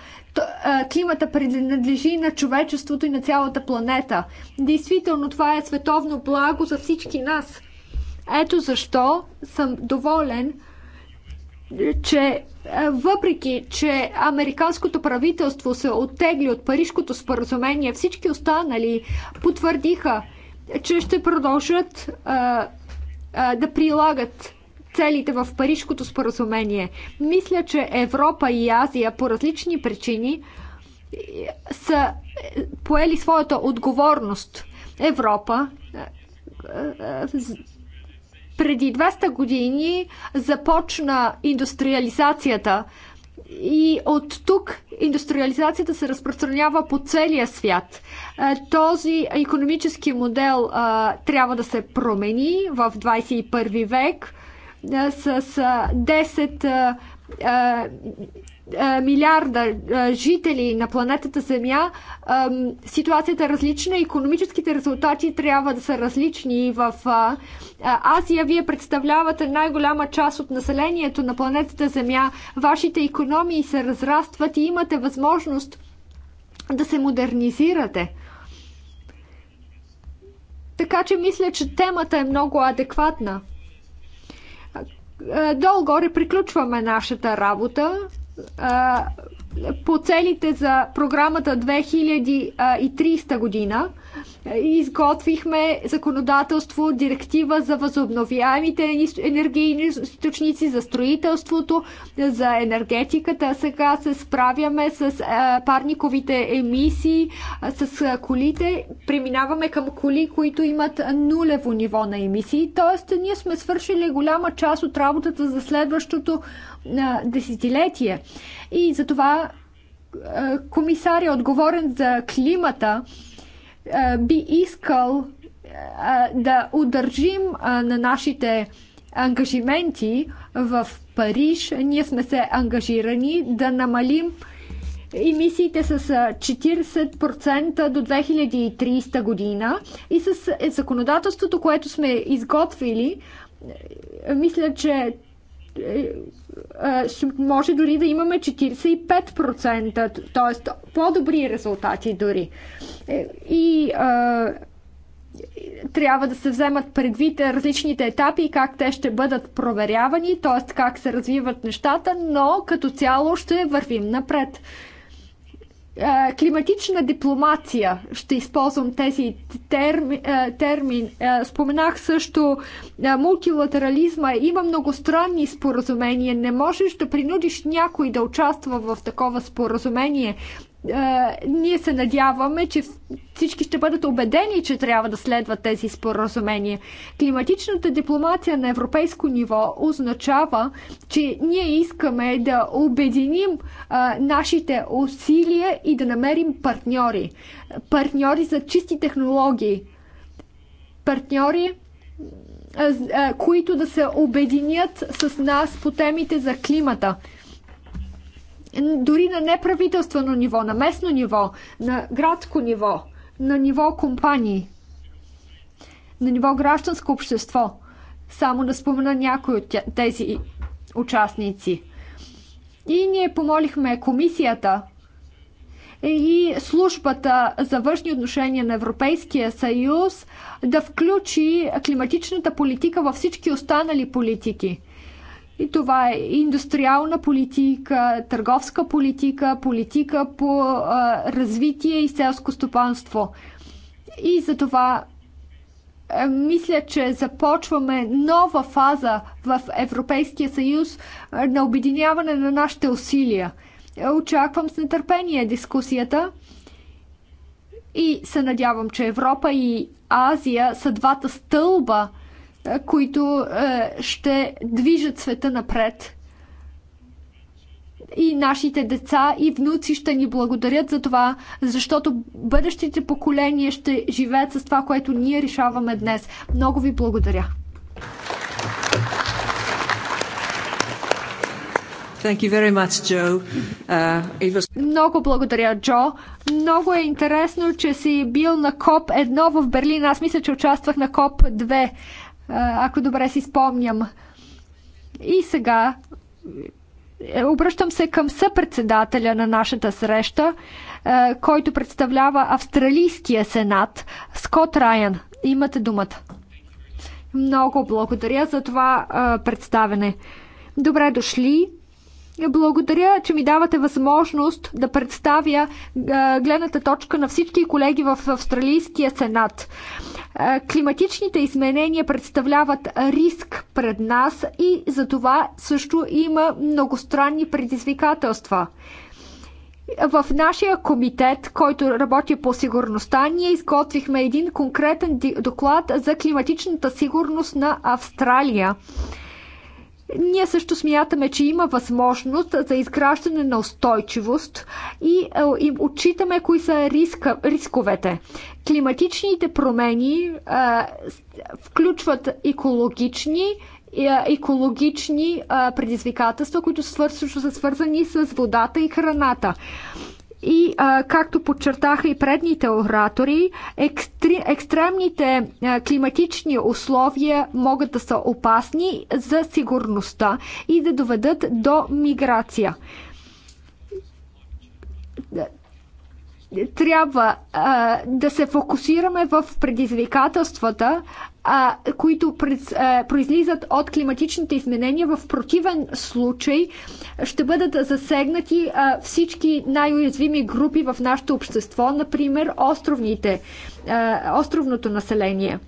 Климата принадлежи на човечеството и на цялата планета. Действително, това е световно благо за всички нас. Ето защо съм доволен, че е, въпреки, че американското правителство се оттегли от Парижкото споразумение, всички останали потвърдиха, че ще продължат а, е, а, е, да прилагат целите в Парижкото споразумение. Мисля, че Европа и Азия по различни причини са поели своята отговорност. Европа преди 200 години започна индустриализацията и от тук индустриализацията се разпространява по целия свят. Е, този економически модел а, е, трябва да се промени в 21 век а, е, с а, 10 а, е, милиарда е, жители на планетата Земя, е, ситуацията е различна, економическите резултати трябва да са различни. В Азия вие представлявате най-голяма част от населението на планетата Земя. Вашите економии се разрастват и имате възможност да се модернизирате. Така че мисля, че темата е много адекватна. Долу-горе приключваме нашата работа по целите за програмата 2030 година изготвихме законодателство, директива за възобновяемите енергийни източници, за строителството, за енергетиката. Сега се справяме с парниковите емисии, с колите. Преминаваме към коли, които имат нулево ниво на емисии. Тоест, ние сме свършили голяма част от работата за следващото десетилетие. И затова комисаря, отговорен за климата, би искал да удържим на нашите ангажименти в Париж. Ние сме се ангажирани да намалим емисиите с 40% до 2030 година и с е, законодателството, което сме изготвили, мисля, че е, е, ще може дори да имаме 45%, т.е. по-добри резултати дори. Е, и а, трябва да се вземат предвид различните етапи и как те ще бъдат проверявани, т.е. как се развиват нещата, но като цяло ще вървим напред климатична дипломация. Ще използвам тези терми, термин. Споменах също мултилатерализма. Има многостранни споразумения. Не можеш да принудиш някой да участва в такова споразумение. Е, ние се надяваме, че всички ще бъдат убедени, че трябва да следват тези споразумения. Климатичната дипломация на европейско ниво означава, че ние искаме да обединим а, е, нашите усилия и да намерим партньори. Партньори за чисти технологии. Партньори е, които да се обединят с нас по темите за климата дори на неправителствено ниво, на местно ниво, на градско ниво, на ниво компании, на ниво гражданско общество. Само да спомена някои от тези участници. И ние помолихме комисията и службата за външни отношения на Европейския съюз да включи климатичната политика във всички останали политики – и това е индустриална политика, търговска политика, политика по а, развитие и селско стопанство. И за това а, мисля, че започваме нова фаза в Европейския съюз а, на обединяване на нашите усилия. Очаквам с нетърпение дискусията и се надявам, че Европа и Азия са двата стълба – които ще движат света напред. И нашите деца и внуци ще ни благодарят за това, защото бъдещите поколения ще живеят с това, което ние решаваме днес. Много ви благодаря. Much, uh, was... Много благодаря, Джо. Много е интересно, че си бил на КОП 1 в Берлин. Аз мисля, че участвах на КОП 2 ако добре си спомням. И сега е, обръщам се към съпредседателя на нашата среща, е, който представлява Австралийския сенат, Скот Райан. Имате думата. Много благодаря за това е, представене. Добре дошли. Благодаря, че ми давате възможност да представя гледната точка на всички колеги в Австралийския сенат. Климатичните изменения представляват риск пред нас и за това също има многостранни предизвикателства. В нашия комитет, който работи по сигурността, ние изготвихме един конкретен доклад за климатичната сигурност на Австралия. Ние също смятаме, че има възможност за изграждане на устойчивост и е, им отчитаме кои са риска, рисковете. Климатичните промени а, е, включват екологични, е, екологични предизвикателства, които са свързани с водата и храната. И а, както подчертаха и предните оратори, екстри, екстремните а, климатични условия могат да са опасни за сигурността и да доведат до миграция трябва а, да се фокусираме в предизвикателствата, а, които през, а, произлизат от климатичните изменения. В противен случай ще бъдат засегнати а, всички най-уязвими групи в нашето общество, например островните, а, островното население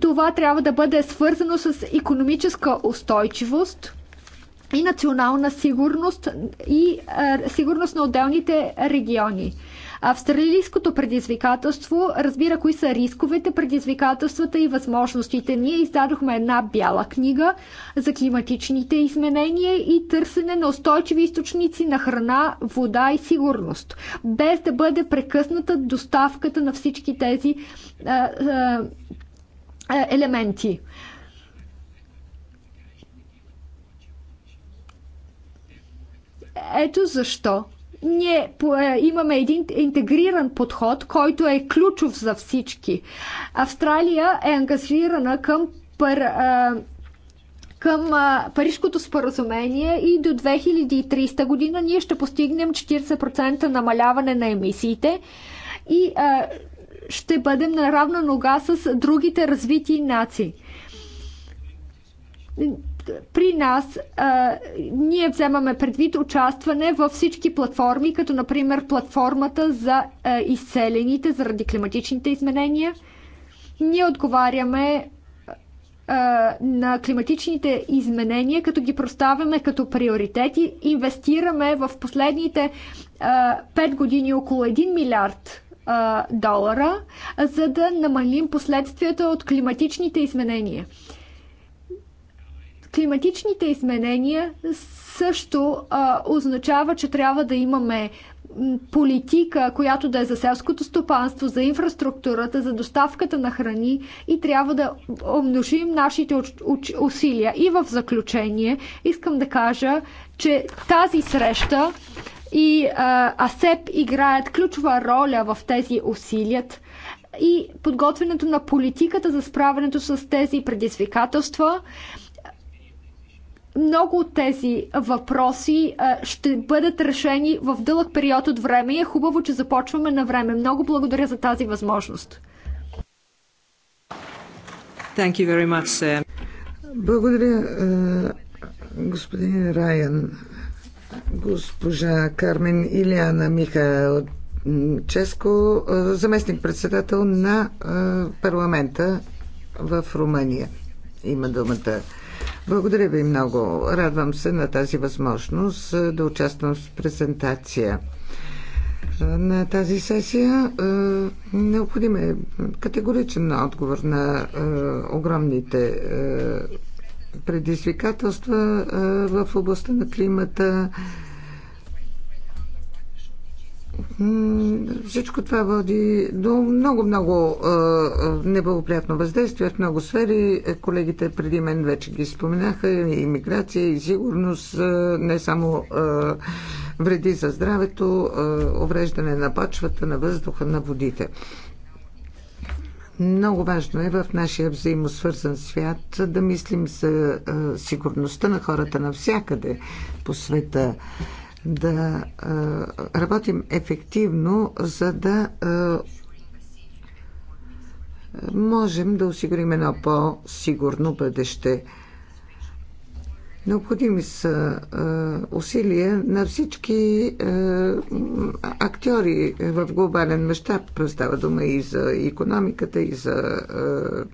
това трябва да бъде свързано с економическа устойчивост и национална сигурност и а, сигурност на отделните региони. Австралийското предизвикателство разбира кои са рисковете, предизвикателствата и възможностите. Ние издадохме една бяла книга за климатичните изменения и търсене на устойчиви източници на храна, вода и сигурност, без да бъде прекъсната доставката на всички тези а, а, елементи. Ето защо ние е, имаме един интегриран подход, който е ключов за всички. Австралия е ангажирана към пар, е, към е, Парижското споразумение и до 2300 година ние ще постигнем 40% намаляване на емисиите и а, ще бъдем на равна нога с другите развити нации при нас а, ние вземаме предвид участване във всички платформи, като например платформата за а, изцелените заради климатичните изменения. Ние отговаряме а, на климатичните изменения, като ги проставяме като приоритети. Инвестираме в последните а, 5 години около 1 милиард а, долара, за да намалим последствията от климатичните изменения. Климатичните изменения също а, означава, че трябва да имаме политика, която да е за селското стопанство, за инфраструктурата, за доставката на храни и трябва да умножим нашите усилия. И в заключение искам да кажа, че тази среща и а, АСЕП играят ключова роля в тези усилия и подготвянето на политиката за справянето с тези предизвикателства много от тези въпроси ще бъдат решени в дълъг период от време и е хубаво, че започваме на време. Много благодаря за тази възможност. Thank you very much, sir. Благодаря, господин Райан. Госпожа Кармен Илиана Михаел Ческо, заместник-председател на парламента в Румъния. Има думата. Благодаря ви много. Радвам се на тази възможност е, да участвам в презентация е, на тази сесия. Е, необходим е категоричен отговор на огромните предизвикателства в областта на климата, всичко това води до много-много неблагоприятно въздействие в много сфери. Колегите преди мен вече ги споменаха. И миграция, и сигурност, не само вреди за здравето, увреждане на почвата, на въздуха, на водите. Много важно е в нашия взаимосвързан свят да мислим за сигурността на хората навсякъде по света да работим ефективно, за да можем да осигурим едно по-сигурно бъдеще. Необходими са а, усилия на всички а, актьори в глобален мащаб. Става дума и за економиката, и за а,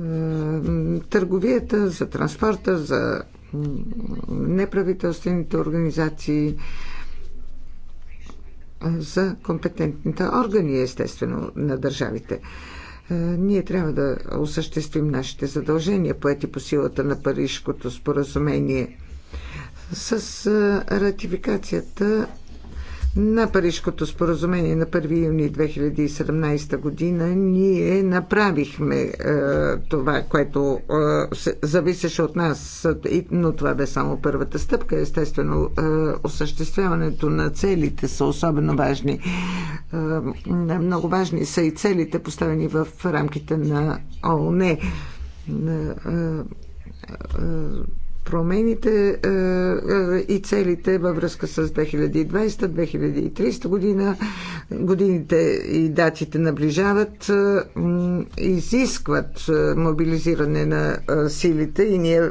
а, търговията, за транспорта, за неправителствените организации, за компетентните органи, естествено, на държавите. Ние трябва да осъществим нашите задължения, поети по силата на парижското споразумение. С ратификацията на Парижкото споразумение на 1 юни 2017 година ние направихме е, това, което е, зависеше от нас, но това бе само първата стъпка. Естествено, е, осъществяването на целите са особено важни. Е, много важни са и целите, поставени в рамките на ООН. Е, е, е промените е, е, и целите във връзка с 2020-2030 година. Годините и датите наближават, е, изискват мобилизиране на силите и ние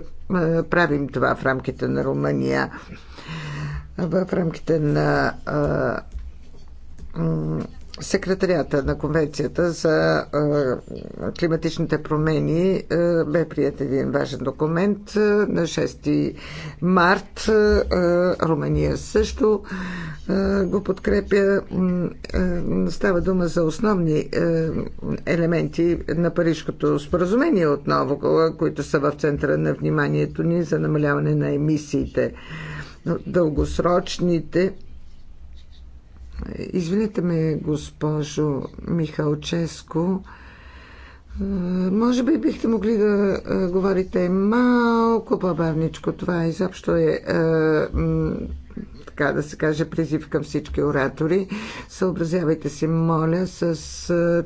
правим това в рамките на Румъния, в рамките на секретарията на Конвенцията за климатичните промени бе прият един важен документ на 6 март. Румъния също го подкрепя. Става дума за основни елементи на Парижкото споразумение отново, които са в центъра на вниманието ни за намаляване на емисиите. Дългосрочните Извинете ме, госпожо Михалческо. Може би бихте могли да говорите малко по-бавничко. Това изобщо е, така да се каже, призив към всички оратори. Съобразявайте се, моля, с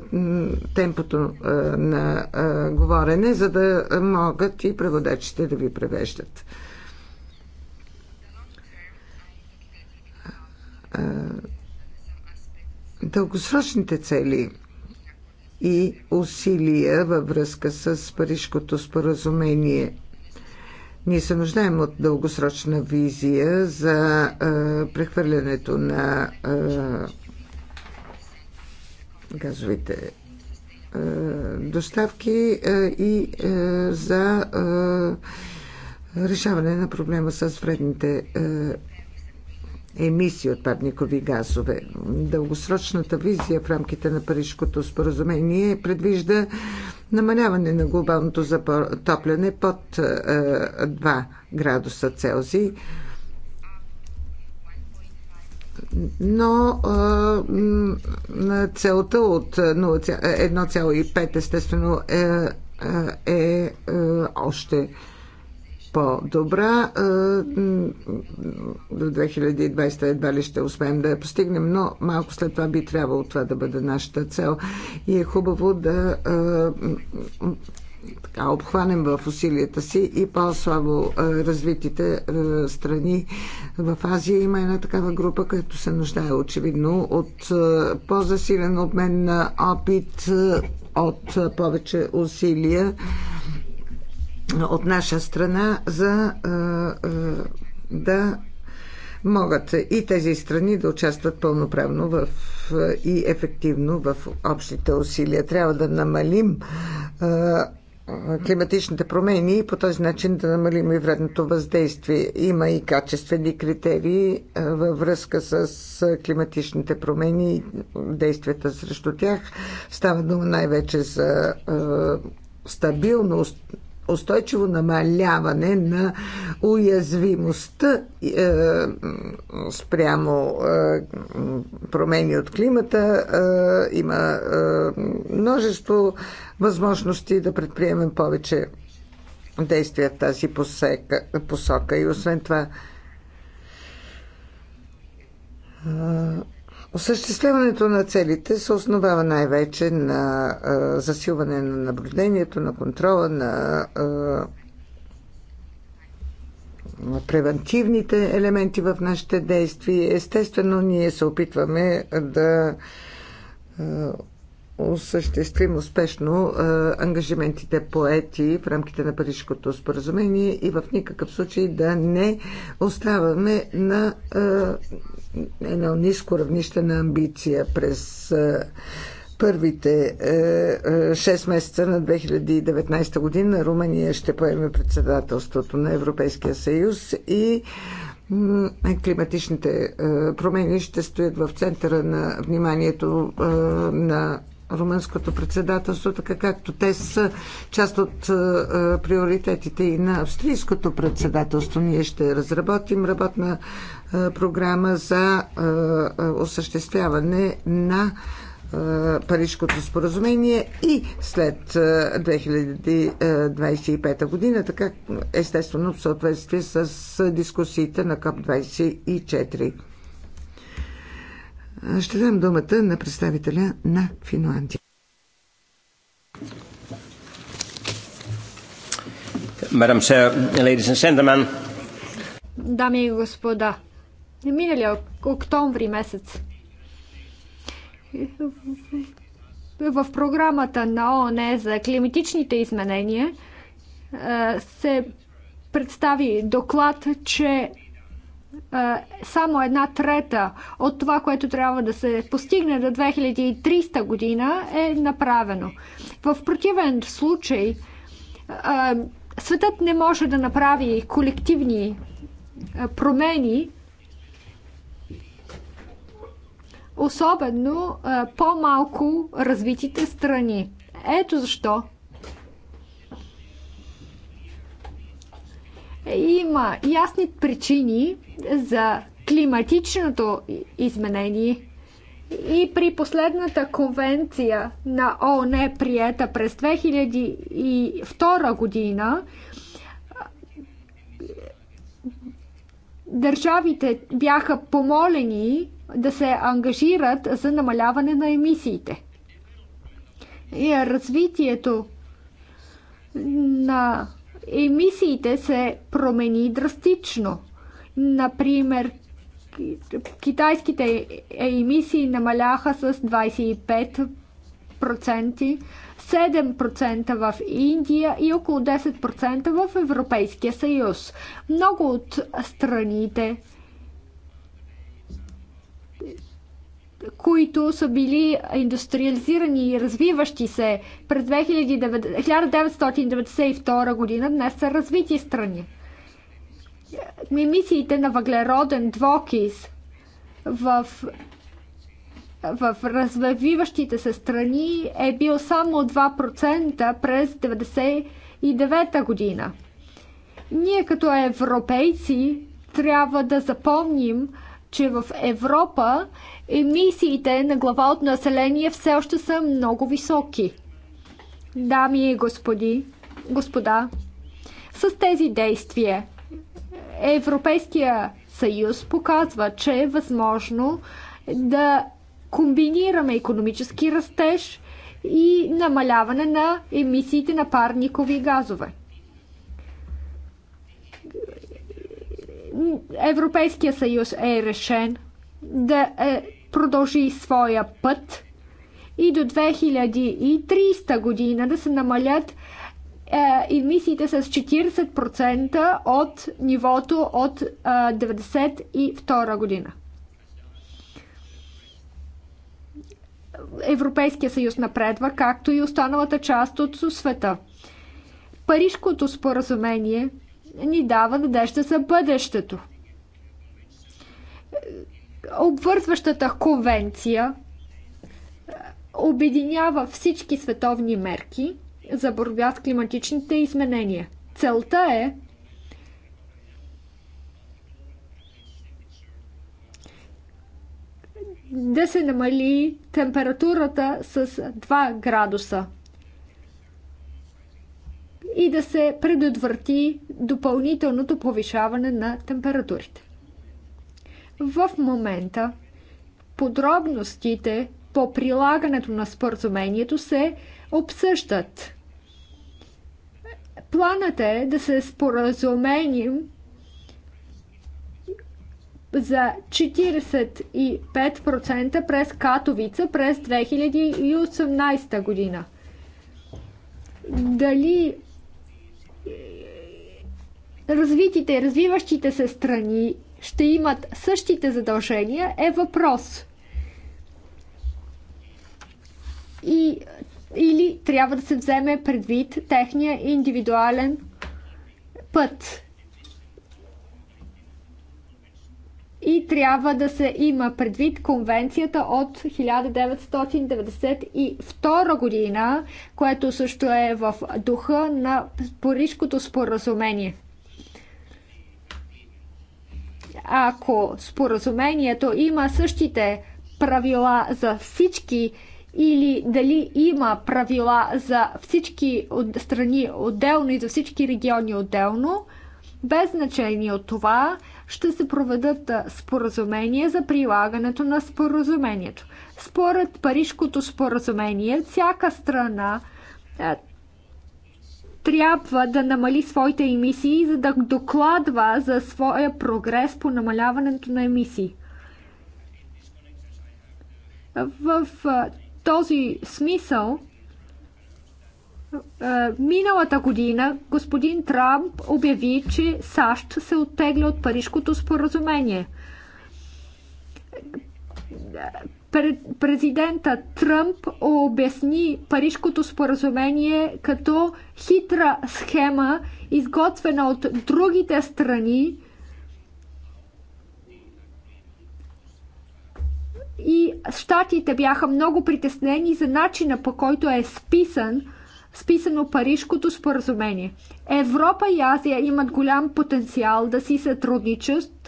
темпото на говорене, за да могат и преводачите да ви превеждат дългосрочните цели и усилия във връзка с Парижкото споразумение. Ние се нуждаем от дългосрочна визия за е, прехвърлянето на е, газовите е, доставки е, и е, за е, решаване на проблема с вредните е, емисии от парникови газове. Дългосрочната визия в рамките на Парижкото споразумение предвижда намаляване на глобалното затопляне под 2 е, градуса Целзий но а, е, целта от 1,5 е, естествено е, е, е още по-добра. До 2020 едва ли ще успеем да я постигнем, но малко след това би трябвало това да бъде нашата цел. И е хубаво да така, обхванем в усилията си и по-слабо развитите страни. В Азия има една такава група, която се нуждае очевидно от по-засилен обмен на опит, от повече усилия от наша страна за е, е, да могат и тези страни да участват пълноправно в, е, и ефективно в общите усилия. Трябва да намалим климатичните промени и по този начин да намалим и вредното въздействие. Има и качествени критерии във връзка с климатичните промени и действията срещу тях. Става дума най-вече за стабилност устойчиво намаляване на уязвимостта е, спрямо е, промени от климата. Е, има е, множество възможности да предприемем повече действия в тази посека, посока. И освен това, е, Осъществяването на целите се основава най-вече на а, засилване на наблюдението, на контрола, на а, превентивните елементи в нашите действия. Естествено, ние се опитваме да осъществим успешно ангажиментите поети в рамките на Парижското споразумение и в никакъв случай да не оставаме на едно ниско равнище на амбиция през първите 6 месеца на 2019 година Румъния ще поеме председателството на Европейския съюз и климатичните промени ще стоят в центъра на вниманието на румънското председателство, така както те са част от е, е, приоритетите и на австрийското председателство. Ние ще разработим работна е, програма за осъществяване на Парижкото споразумение и след 2025 година, така естествено в съответствие с дискусиите на КОП 24. Ще дам думата на представителя на Финландия. Мадам сер, ladies and gentlemen. Дами и господа, миналия октомври месец в програмата на ООН за климатичните изменения се представи доклад, че само една трета от това, което трябва да се постигне до 2300 година е направено. В противен случай светът не може да направи колективни промени, особено по-малко развитите страни. Ето защо Е, има ясни причини за климатичното изменение и при последната конвенция на ООН, приета през 2002 година, държавите бяха помолени да се ангажират за намаляване на емисиите. И развитието на емисиите се промени драстично. Например, китайските емисии намаляха с 25%, 7% в Индия и около 10% в Европейския съюз. Много от страните които са били индустриализирани и развиващи се през 1992 година, днес са развити страни. Емисиите на въглероден двокис в в развиващите се страни е бил само 2% през 1999 година. Ние като европейци трябва да запомним, че в Европа емисиите на глава от население все още са много високи. Дами и господи, господа, с тези действия Европейския съюз показва, че е възможно да комбинираме економически растеж и намаляване на емисиите на парникови газове. Европейския съюз е решен да е, продължи своя път и до 2030 година да се намалят е, емисиите с 40% от нивото от 1992 е, година. Европейския съюз напредва, както и останалата част от света. Парижкото споразумение ни дава надежда за бъдещето. Обвързващата конвенция обединява всички световни мерки за борба с климатичните изменения. Целта е да се намали температурата с 2 градуса и да се предотврати допълнителното повишаване на температурите. В момента подробностите по прилагането на споразумението се обсъждат. Планът е да се споразуменим за 45% през Катовица през 2018 година. Дали развитите, и развиващите се страни ще имат същите задължения е въпрос. И, или трябва да се вземе предвид техния индивидуален път. и трябва да се има предвид конвенцията от 1992 година, което също е в духа на Парижското споразумение. Ако споразумението има същите правила за всички или дали има правила за всички страни отделно и за всички региони отделно, без значение от това ще се проведат споразумения за прилагането на споразумението. Според Парижкото споразумение, всяка страна трябва да намали своите емисии, за да докладва за своя прогрес по намаляването на емисии. В този смисъл, миналата година господин Трамп обяви, че САЩ се оттегля от Парижкото споразумение президента Тръмп обясни Парижкото споразумение като хитра схема, изготвена от другите страни и щатите бяха много притеснени за начина по който е списан списано Парижкото споразумение. Европа и Азия имат голям потенциал да си сътрудничат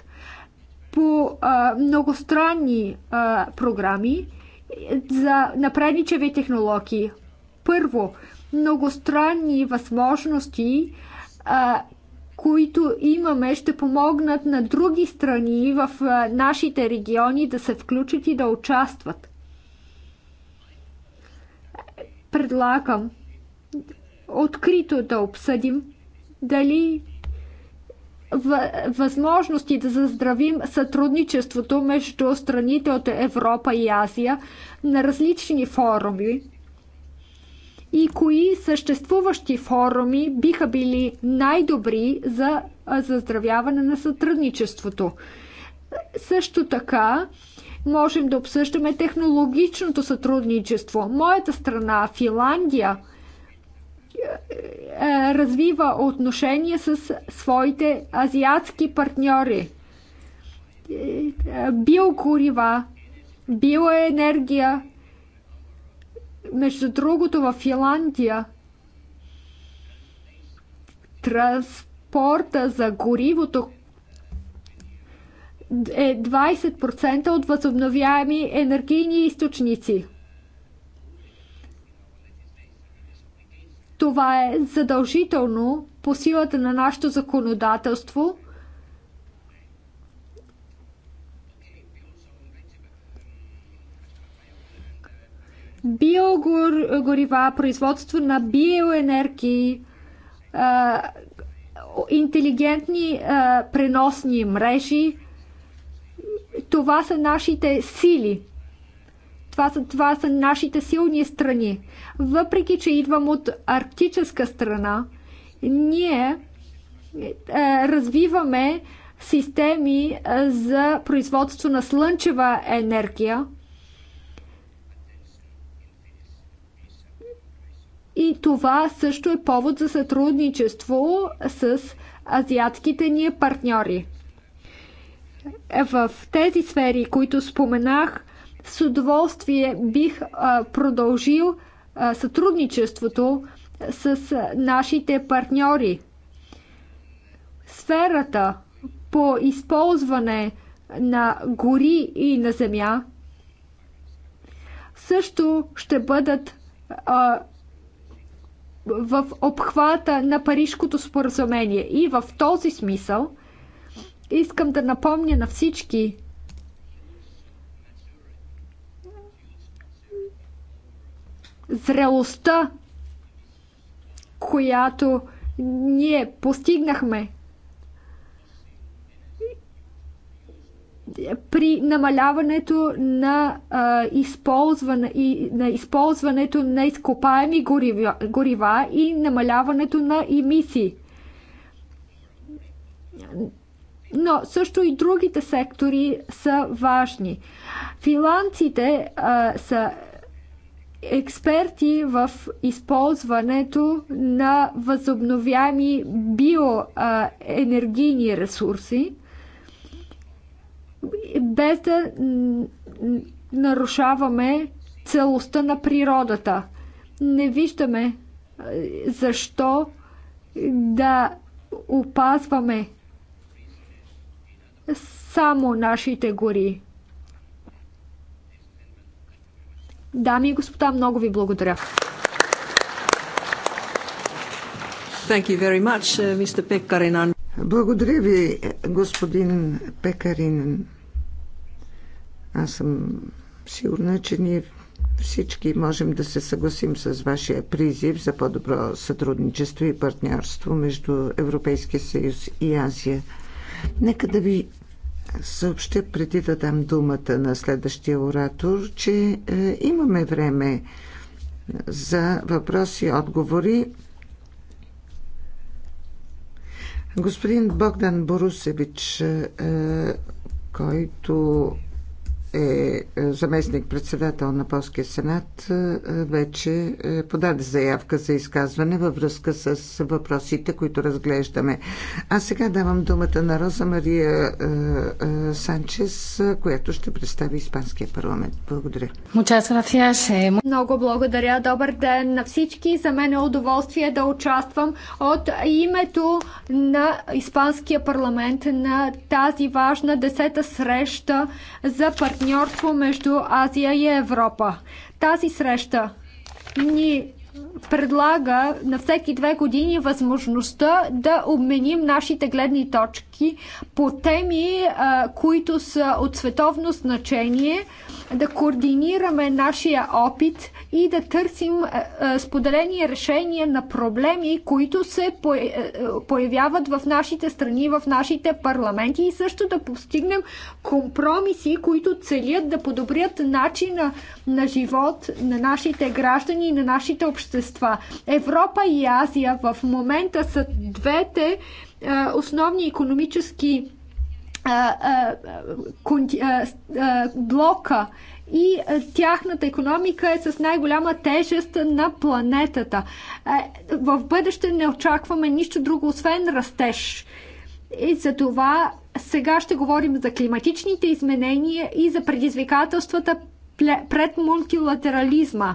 по а, странни а, програми за напредничеви технологии. Първо, много странни възможности, а, които имаме, ще помогнат на други страни в а, нашите региони да се включат и да участват. Предлагам открито да обсъдим дали възможности да заздравим сътрудничеството между страните от Европа и Азия на различни форуми и кои съществуващи форуми биха били най-добри за заздравяване на сътрудничеството. Също така, можем да обсъждаме технологичното сътрудничество. Моята страна, Финландия, е, развива отношения с своите азиатски партньори. Е, Биокорива, биоенергия. Е Между другото, в Финландия транспорта за горивото е 20% от възобновяеми енергийни източници. Това е задължително по силата на нашето законодателство. Биогорива, производство на биоенергии, интелигентни преносни мрежи. Това са нашите сили – това са, това са нашите силни страни. Въпреки, че идвам от арктическа страна, ние е, е развиваме системи е, за производство на слънчева енергия. И това също е повод за сътрудничество с азиатските ни партньори. Е, в тези сфери, които споменах, с удоволствие бих продължил сътрудничеството с нашите партньори. Сферата по използване на гори и на земя също ще бъдат а, в обхвата на Парижкото споразумение. И в този смисъл искам да напомня на всички, зрелостта, която ние постигнахме при намаляването на, а, използване, и, на използването на изкопаеми горива, горива и намаляването на емисии. Но също и другите сектори са важни. Филанците а, са експерти в използването на възобновяеми биоенергийни ресурси, без да нарушаваме целостта на природата. Не виждаме е, защо да опазваме само нашите гори. Дами и господа, много ви благодаря. Thank you very much, uh, Mr. Благодаря ви, господин Пекаринен. Аз съм сигурна, че ние всички можем да се съгласим с вашия призив за по-добро сътрудничество и партньорство между Европейския съюз и Азия. Нека да ви съобщя, преди да дам думата на следващия оратор, че е, имаме време за въпроси и отговори. Господин Богдан Борусевич, е, който е, е заместник-председател на Полския сенат, е, вече е, подаде заявка за изказване във връзка с въпросите, които разглеждаме. А сега давам думата на Роза Мария Санчес, която ще представи Испанския парламент. Благодаря. Много благодаря. Добър ден на всички. За мен е удоволствие да участвам от името на Испанския парламент на тази важна десета среща за партнерството партньорство между Азия и Европа. Тази среща ни предлага на всеки две години възможността да обменим нашите гледни точки мерки по теми, които са от световно значение, да координираме нашия опит и да търсим споделени решения на проблеми, които се появяват в нашите страни, в нашите парламенти и също да постигнем компромиси, които целят да подобрят начина на живот на нашите граждани и на нашите общества. Европа и Азия в момента са двете основни економически блока и тяхната економика е с най-голяма тежест на планетата. В бъдеще не очакваме нищо друго, освен растеж. И за това сега ще говорим за климатичните изменения и за предизвикателствата пред мултилатерализма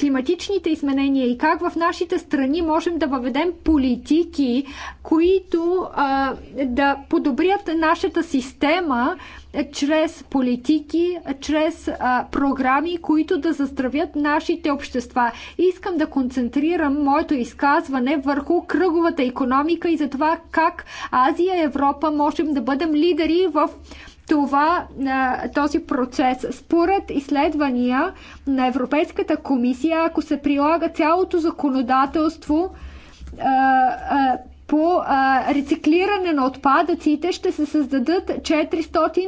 климатичните изменения и как в нашите страни можем да въведем политики, които а, да подобрят нашата система чрез политики, чрез а, програми, които да заздравят нашите общества. Искам да концентрирам моето изказване върху кръговата економика и за това как Азия и Европа можем да бъдем лидери в това, този процес. Според изследвания на Европейската комисия, ако се прилага цялото законодателство по рециклиране на отпадъците, ще се създадат 400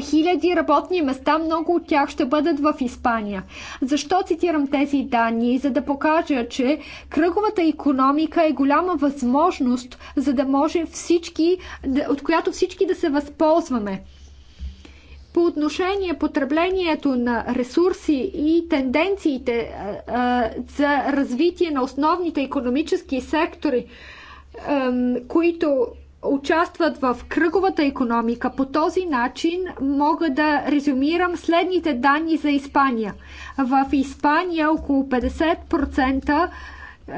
хиляди работни места, много от тях ще бъдат в Испания. Защо цитирам тези данни? За да покажа, че кръговата економика е голяма възможност, за да може всички, от която всички да се възползваме. По отношение потреблението на ресурси и тенденциите за развитие на основните економически сектори, които участват в кръговата економика. По този начин мога да резюмирам следните данни за Испания. В Испания около 50%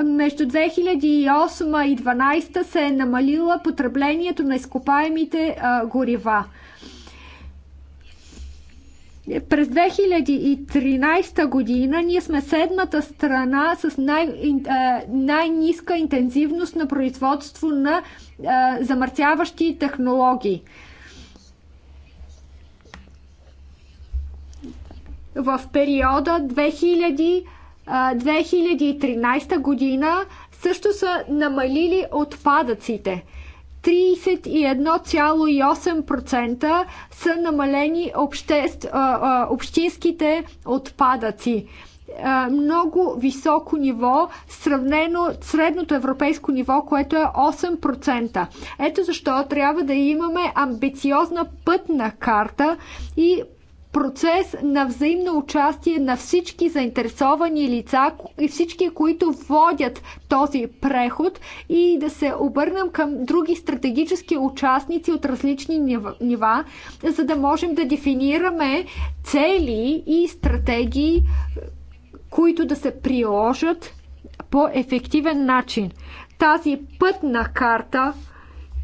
между 2008 и 2012 се е намалила потреблението на изкопаемите горива. През 2013 година ние сме седмата страна с най, най-ниска интензивност на производство на замърсяващи технологии. В периода 2000 2013 година също са намалили отпадъците. 31,8% са намалени обществ, общинските отпадъци много високо ниво, сравнено средното европейско ниво, което е 8%. Ето защо трябва да имаме амбициозна пътна карта и процес на взаимно участие на всички заинтересовани лица и всички, които водят този преход и да се обърнем към други стратегически участници от различни нива, за да можем да дефинираме цели и стратегии, които да се приложат по ефективен начин. Тази пътна карта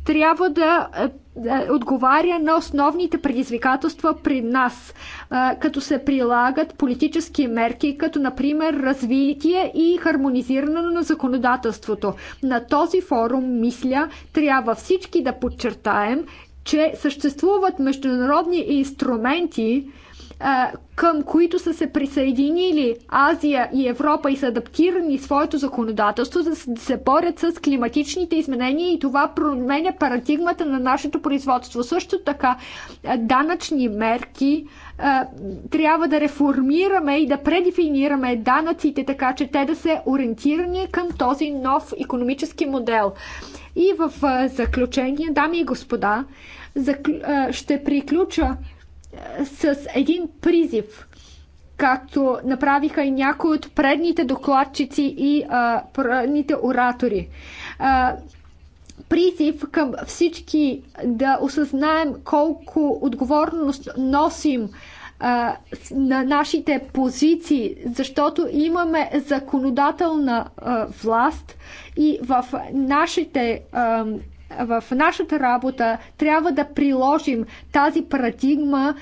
трябва да е, е, отговаря на основните предизвикателства при нас, е, като се прилагат политически мерки, като например развитие и хармонизиране на законодателството. На този форум, мисля, трябва всички да подчертаем, че съществуват международни инструменти, към които са се присъединили Азия и Европа и са адаптирани своето законодателство, за да се борят с климатичните изменения и това променя парадигмата на нашето производство. Също така, данъчни мерки трябва да реформираме и да предефинираме данъците, така че те да се ориентирани към този нов економически модел. И в заключение, дами и господа, ще приключа с един призив, както направиха и някои от предните докладчици и а, предните оратори. А, призив към всички да осъзнаем колко отговорност носим а, на нашите позиции, защото имаме законодателна а, власт и в нашите а, в нашата работа трябва да приложим тази парадигма,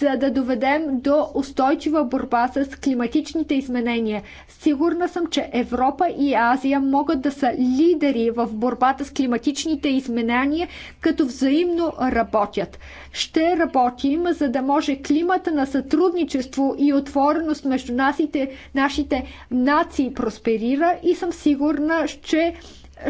за да доведем до устойчива борба с климатичните изменения. Сигурна съм, че Европа и Азия могат да са лидери в борбата с климатичните изменения, като взаимно работят. Ще работим, за да може климата на сътрудничество и отвореност между насите, нашите нации просперира и съм сигурна, че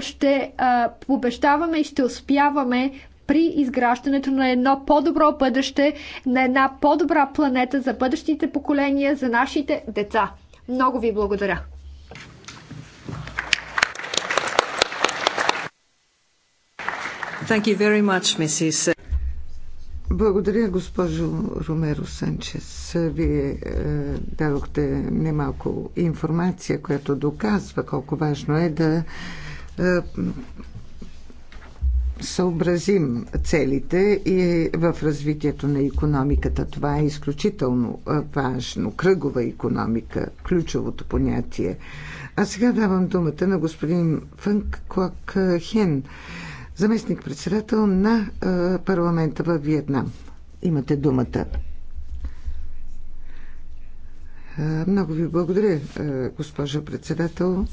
ще а, побеждаваме и ще успяваме при изграждането на едно по-добро бъдеще, на една по-добра планета за бъдещите поколения, за нашите деца. Много ви благодаря! Thank you very much, Mrs. Благодаря, госпожо Ромеро Санчес. Вие е, дадохте немалко информация, която доказва колко важно е да е, съобразим целите и в развитието на економиката. Това е изключително е, важно. Кръгова економика, ключовото понятие. А сега давам думата на господин Фънк Клак Хен, заместник-председател на е, парламента във Виетнам. Имате думата. Много ви благодаря, госпожа председател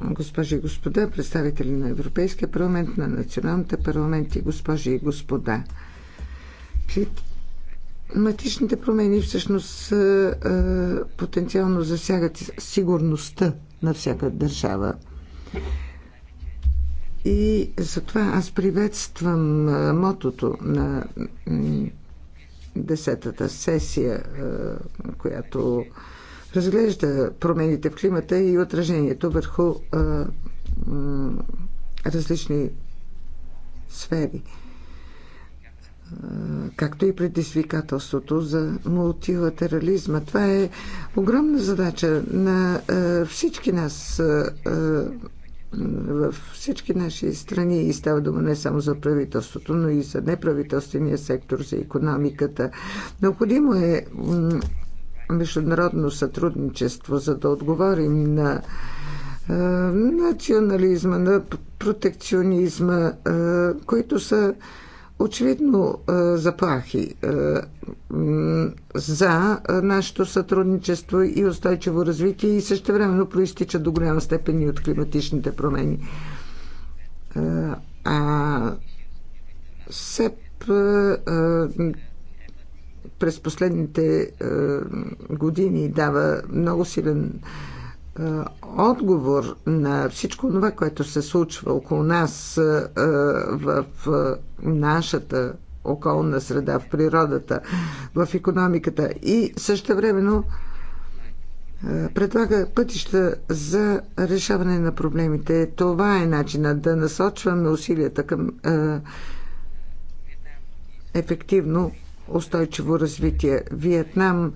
госпожи и господа, представители на Европейския парламент, на националните парламенти, госпожи и господа. Климатичните промени всъщност потенциално засягат сигурността на всяка държава. И затова аз приветствам мотото на десетата сесия, която разглежда промените в климата и отражението върху а, м, различни сфери, а, както и предизвикателството за мултилатерализма. Това е огромна задача на а, всички нас. А, а, във всички наши страни и става дума не само за правителството, но и за неправителствения сектор, за економиката. Необходимо е международно сътрудничество, за да отговорим на национализма, на протекционизма, които са очевидно заплахи за нашето сътрудничество и устойчиво развитие и същевременно проистичат до голяма степен и от климатичните промени. А СЕП през последните е, години дава много силен е, отговор на всичко това, което се случва около нас е, в нашата околна среда, в природата, в економиката и също времено предлага пътища за решаване на проблемите. Това е начина да насочваме усилията към ефективно устойчиво развитие. Виетнам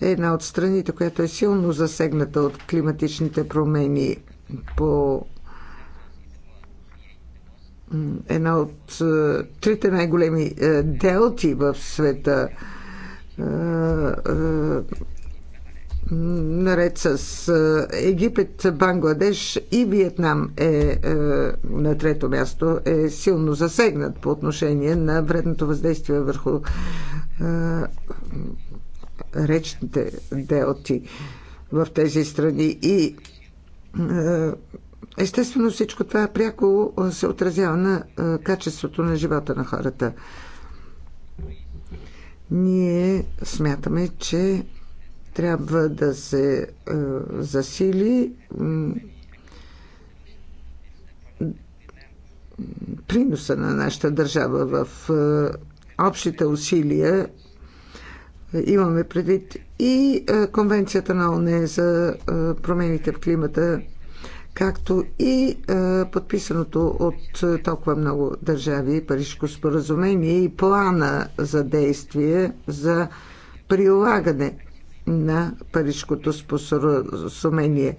е една от страните, която е силно засегната от климатичните промени по една от е, трите най-големи е, делти в света е, наред с Египет, Бангладеш и Виетнам е, е, на трето място, е силно засегнат по отношение на вредното въздействие върху речните делти в тези страни. И естествено всичко това пряко се отразява на качеството на живота на хората. Ние смятаме, че трябва да се е, засили приноса на нашата държава в е, общите усилия. Имаме предвид и е, Конвенцията на ОНЕ за промените в климата, както и подписаното от толкова много държави Парижко споразумение и плана за действие за прилагане на парижското споразумение.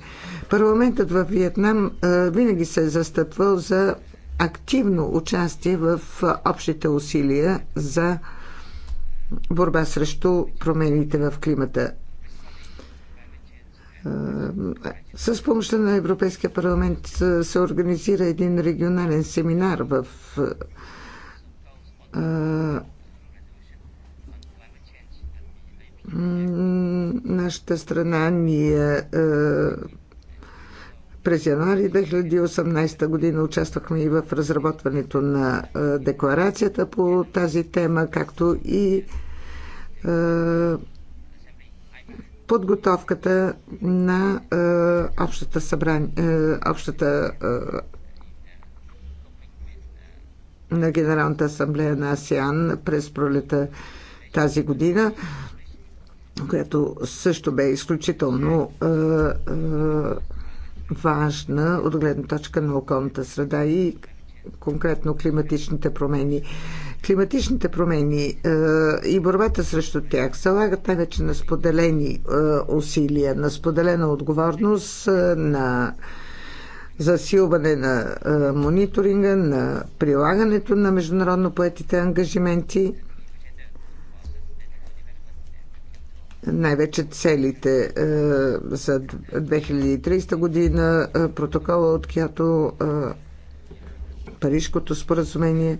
Парламентът във Виетнам винаги се е застъпвал за активно участие в общите усилия за борба срещу промените в климата. С помощта на Европейския парламент се организира един регионален семинар в нашата страна. Ние е, през януари 2018 година участвахме и в разработването на е, декларацията по тази тема, както и е, подготовката на общата събрание, общата на Генералната асамблея на АСИАН през пролета тази година която също бе изключително е, е, важна от гледна точка на околната среда и конкретно климатичните промени. Климатичните промени е, и борбата срещу тях залагат най-вече на споделени е, усилия, на споделена отговорност, е, на засилване на е, мониторинга, на прилагането на международно поетите ангажименти най-вече целите е, за 2030 година, е, протокола от Кято, е, Парижкото споразумение.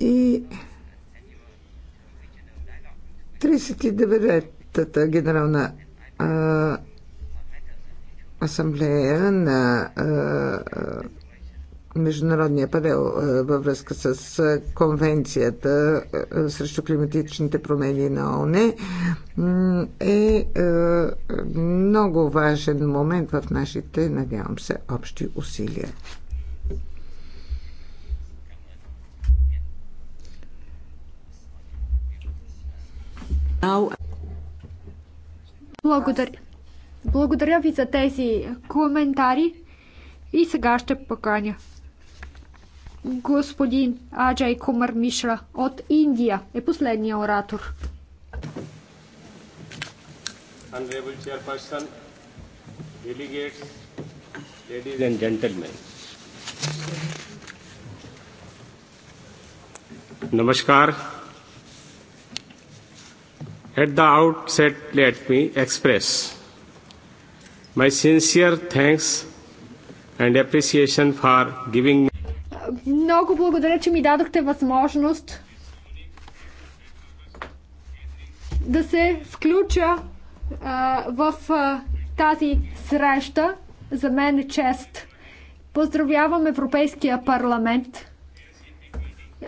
И 39-та генерална асамблея на Международния панел е, във връзка с е, конвенцията е, срещу климатичните промени на ОНЕ е много важен момент в нашите, надявам се, общи усилия. Благодаря. Благодаря ви за тези коментари и сега ще поканя Господин Аджай Кумар Мишра от Индия е последния оратор. Honorable At the outset, let me express my sincere thanks and appreciation for giving me много благодаря, че ми дадохте възможност да се включа а, в а, тази среща. За мен е чест. Поздравявам Европейския парламент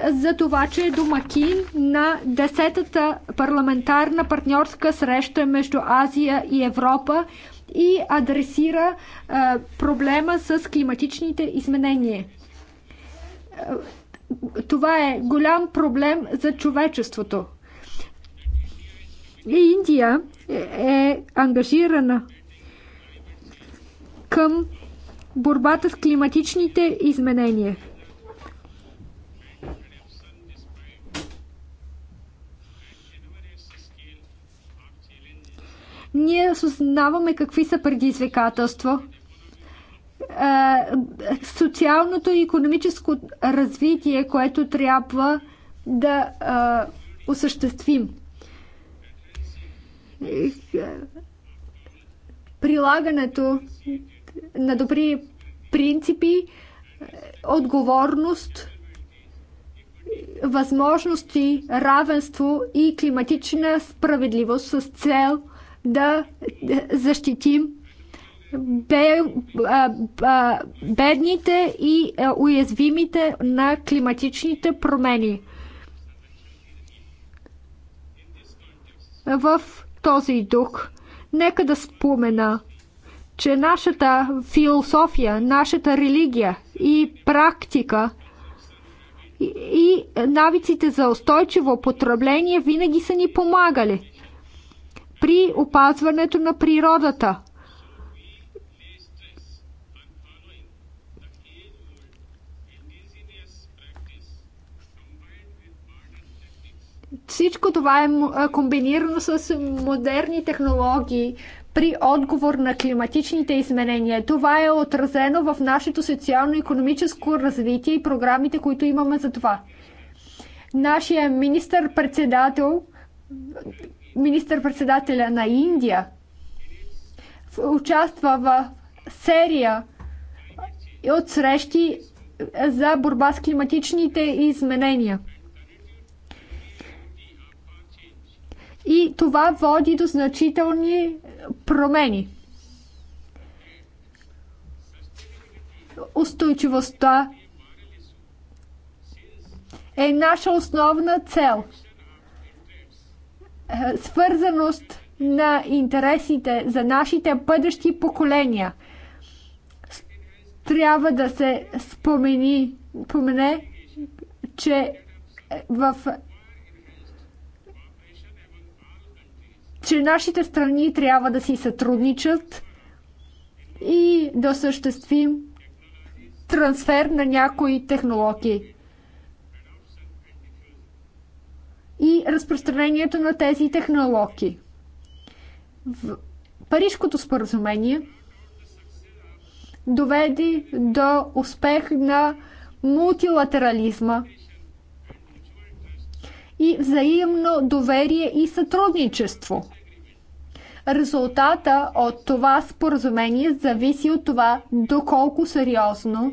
за това, че е домакин на 10-та парламентарна партньорска среща между Азия и Европа и адресира а, проблема с климатичните изменения това е голям проблем за човечеството. И Индия е ангажирана към борбата с климатичните изменения. Ние осъзнаваме какви са предизвикателства е, социалното и економическо развитие, което трябва да а, е, осъществим. Прилагането на добри принципи, отговорност, възможности, равенство и климатична справедливост с цел да защитим бедните и уязвимите на климатичните промени. В този дух, нека да спомена, че нашата философия, нашата религия и практика и навиците за устойчиво потребление винаги са ни помагали при опазването на природата – Всичко това е комбинирано с модерни технологии при отговор на климатичните изменения. Това е отразено в нашето социално-економическо развитие и програмите, които имаме за това. Нашия министър-председател, министър-председателя на Индия, участва в серия от срещи за борба с климатичните изменения. И това води до значителни промени. Устойчивостта е наша основна цел. Е, свързаност на интересите за нашите бъдещи поколения трябва да се спомени, помене, че в че нашите страни трябва да си сътрудничат и да съществим трансфер на някои технологии. И разпространението на тези технологии. В Парижкото споразумение доведи до успех на мултилатерализма и взаимно доверие и сътрудничество. Резултата от това споразумение зависи от това доколко сериозно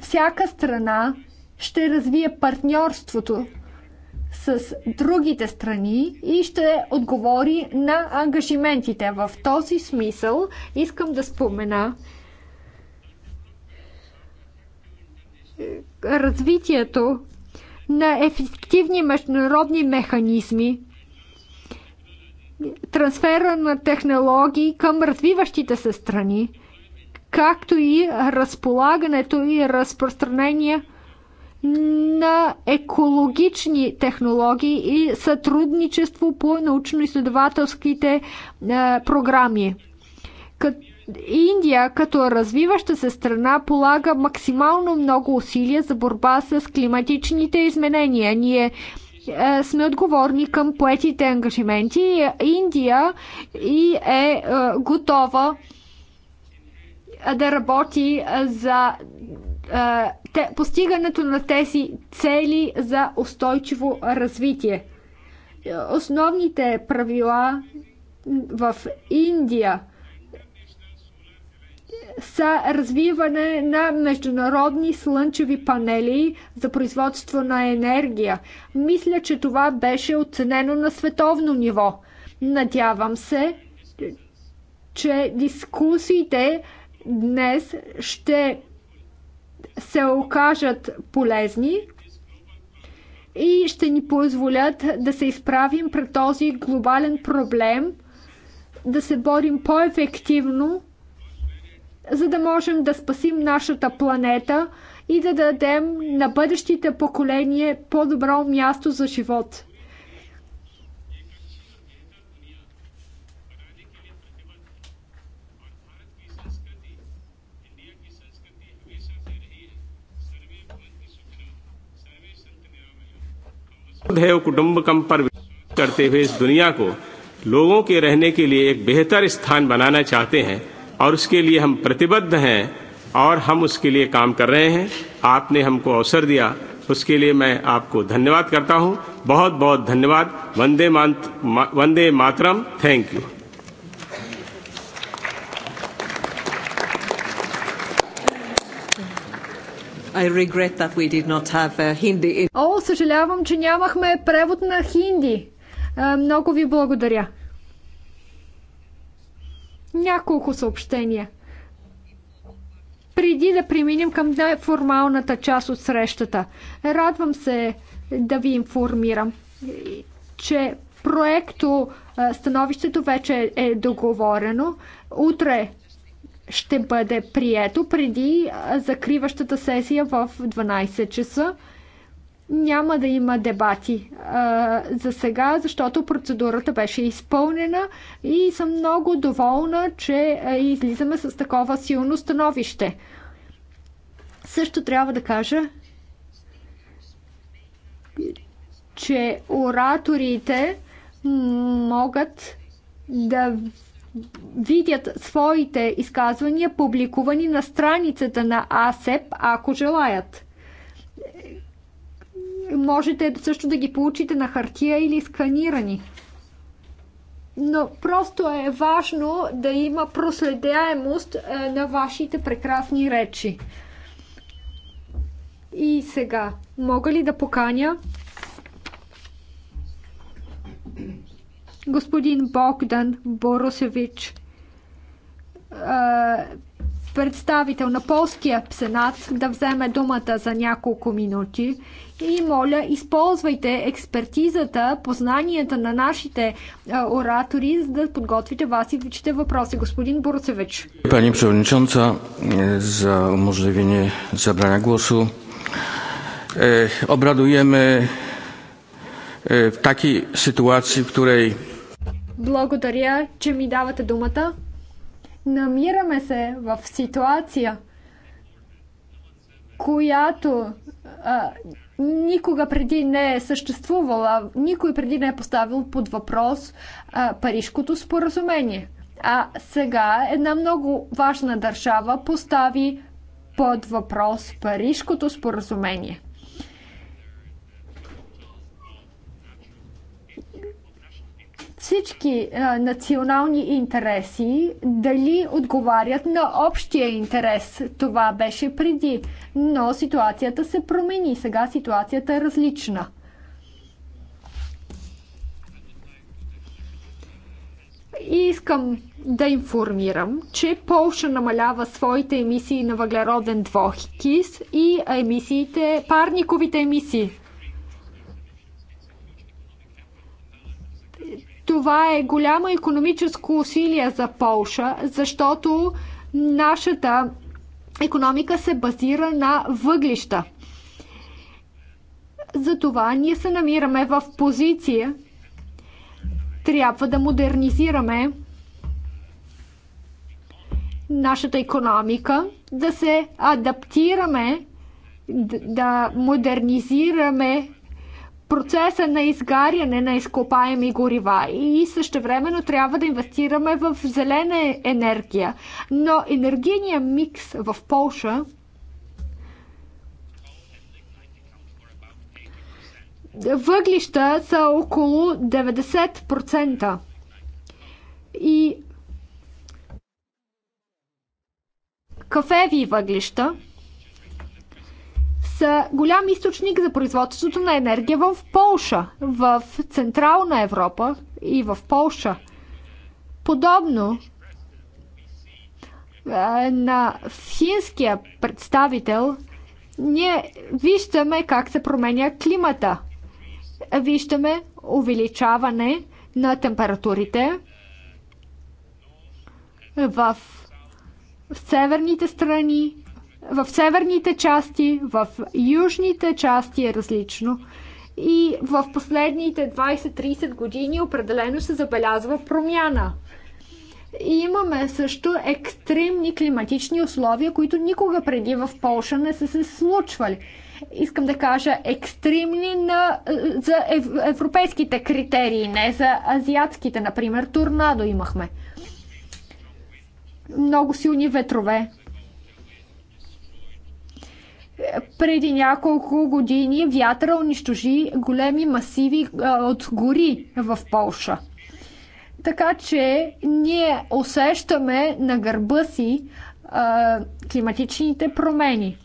всяка страна ще развие партньорството с другите страни и ще отговори на ангажиментите. В този смисъл искам да спомена е, развитието на ефективни международни механизми, трансфера на технологии към развиващите се страни, както и разполагането и разпространение на екологични технологии и сътрудничество по научно-изследователските е, програми. Индия, като развиваща се страна, полага максимално много усилия за борба с климатичните изменения. Ние е, сме отговорни към поетите ангажименти. Индия и е, е готова да работи за е, постигането на тези цели за устойчиво развитие. Основните правила в Индия – са развиване на международни слънчеви панели за производство на енергия. Мисля, че това беше оценено на световно ниво. Надявам се, че дискусиите днес ще се окажат полезни и ще ни позволят да се изправим пред този глобален проблем, да се борим по-ефективно за да можем да спасим нашата планета и да дадем на бъдещите поколения по-добро място за живот. देव कुटुंबकम पर करते हुए इस दुनिया को लोगों के रहने के लिए एक बेहतर स्थान बनाना चाहते हैं और उसके लिए हम प्रतिबद्ध हैं और हम उसके लिए काम कर रहे हैं आपने हमको अवसर दिया उसके लिए मैं आपको धन्यवाद करता हूं बहुत बहुत धन्यवाद वंदे मा, वंदे मातरम thank you I regret that we did not have uh, Hindi. In... О, съжалявам, че нямахме превод на хинди. Uh, много ви благодаря. Няколко съобщения. Преди да преминем към най-формалната част от срещата, радвам се да ви информирам, че проекто становището вече е договорено. Утре ще бъде прието преди закриващата сесия в 12 часа няма да има дебати а, за сега, защото процедурата беше изпълнена и съм много доволна, че а, излизаме с такова силно становище. Също трябва да кажа, че ораторите могат да видят своите изказвания публикувани на страницата на АСЕП, ако желаят. Можете също да ги получите на хартия или сканирани. Но просто е важно да има проследяемост е, на вашите прекрасни речи. И сега, мога ли да поканя господин Богдан Боросевич, е, представител на полския сенат да вземе думата за няколко минути и моля, използвайте експертизата, познанията на нашите е, оратори, за да подготвите вас и вичите въпроси. Господин Бурцевич. Пани Przewodnicząca, е, за гласу. Е, обрадуеме е, в таки ситуации, в której... Благодаря, че ми давате думата. Намираме се в ситуация, която а, никога преди не е съществувала, никой преди не е поставил под въпрос а, Парижкото споразумение. А сега една много важна държава постави под въпрос Парижкото споразумение. всички а, национални интереси дали отговарят на общия интерес. Това беше преди, но ситуацията се промени. Сега ситуацията е различна. И искам да информирам, че Полша намалява своите емисии на въглероден двохикис и емисиите, парниковите емисии. Това е голямо економическо усилие за Полша, защото нашата економика се базира на въглища. Затова ние се намираме в позиция. Трябва да модернизираме нашата економика, да се адаптираме, да модернизираме процеса на изгаряне на изкопаеми горива и също времено трябва да инвестираме в зелена енергия. Но енергийният микс в Польша въглища са около 90%. И кафеви въглища – са голям източник за производството на енергия в Полша, в Централна Европа и в Полша. Подобно на финския представител, ние виждаме как се променя климата. Виждаме увеличаване на температурите в северните страни в северните части, в южните части е различно. И в последните 20-30 години определено се забелязва промяна. И имаме също екстремни климатични условия, които никога преди в Полша не са се случвали. Искам да кажа екстремни на, за европейските критерии, не за азиатските. Например, торнадо имахме. Много силни ветрове преди няколко години вятъра унищожи големи масиви от гори в Полша. Така че ние усещаме на гърба си а, климатичните промени.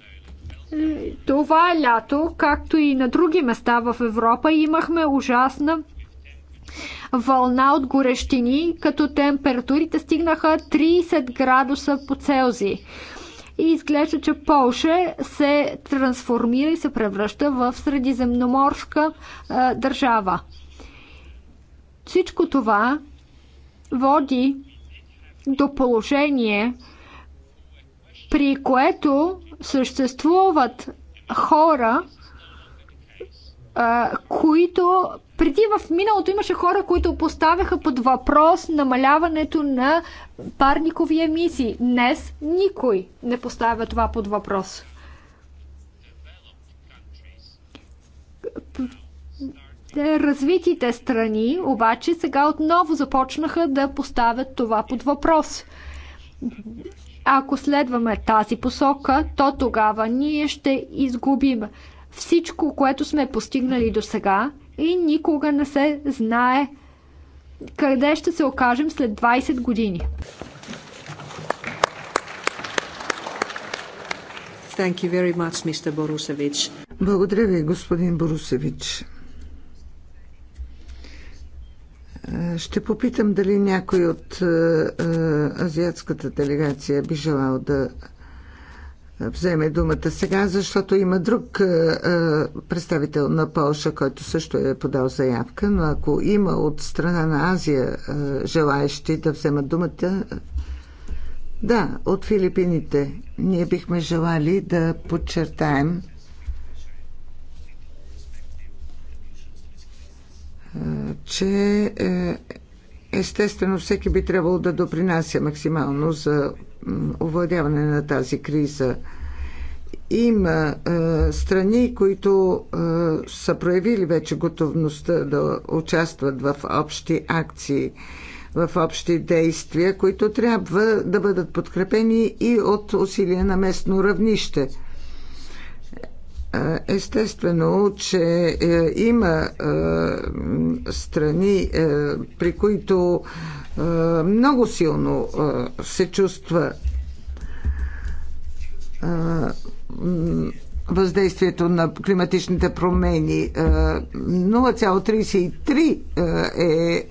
Това лято, както и на други места в Европа, имахме ужасна вълна от горещини, като температурите стигнаха 30 градуса по Целзий. И изглежда, че Полша се трансформира и се превръща в средиземноморска а, държава. Всичко това води до положение, при което съществуват хора, които преди в миналото имаше хора, които поставяха под въпрос намаляването на парникови емисии. Днес никой не поставя това под въпрос. Развитите страни обаче сега отново започнаха да поставят това под въпрос. Ако следваме тази посока, то тогава ние ще изгубим всичко, което сме постигнали до сега и никога не се знае къде ще се окажем след 20 години. Thank you very much, Mr. Borusevic. Благодаря ви, господин Борусевич. Ще попитам дали някой от е, е, азиатската делегация би желал да вземе думата сега, защото има друг е, е, представител на Полша, който също е подал заявка, но ако има от страна на Азия е, желаещи да вземат думата, да, от Филипините ние бихме желали да подчертаем че естествено всеки би трябвало да допринася максимално за овладяване на тази криза. Има а, е, страни, които а, е, са проявили вече готовността да участват в общи акции, в общи действия, които трябва да бъдат подкрепени и от усилия на местно равнище. Е, естествено, че има страни, при които е, много силно е, се чувства е, въздействието на климатичните промени. 0,33 е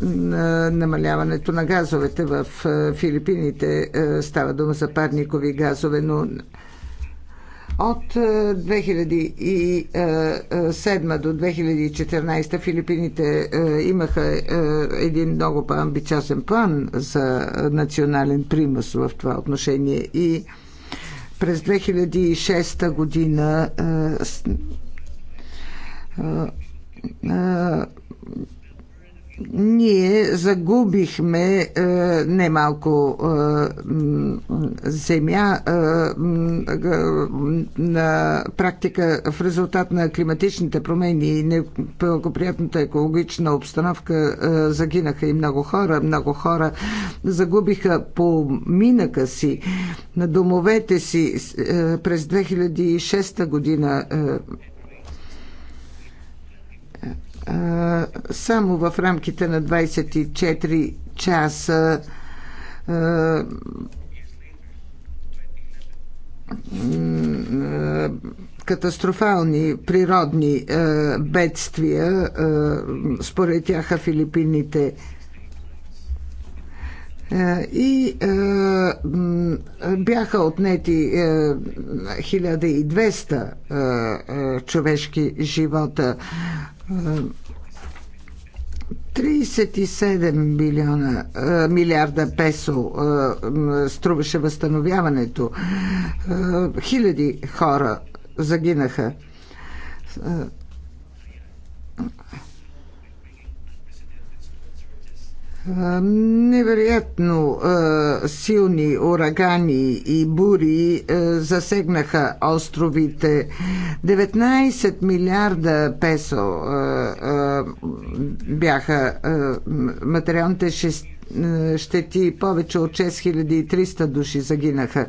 на намаляването на газовете в Филипините. Става дума за парникови газове, но от 2007 е, е, е, до 2014 Филипините имаха един много по-амбициозен план за национален примус в това отношение и през 2006 година ние загубихме е, немалко е, земя е, на практика в резултат на климатичните промени и неблагоприятната екологична обстановка е, загинаха и много хора. Много хора загубиха по минъка си на домовете си е, през 2006 година е, само в рамките на 24 часа катастрофални природни бедствия. Според тяха Филипините е, и е, бяха отнети 1200 е, човешки живота. 37 милиона, милиарда песо струваше възстановяването. хиляди хора загинаха. Е, невероятно е, силни урагани и бури е, засегнаха островите. 19 милиарда песо бяха материалните щети. Повече от 6300 души загинаха.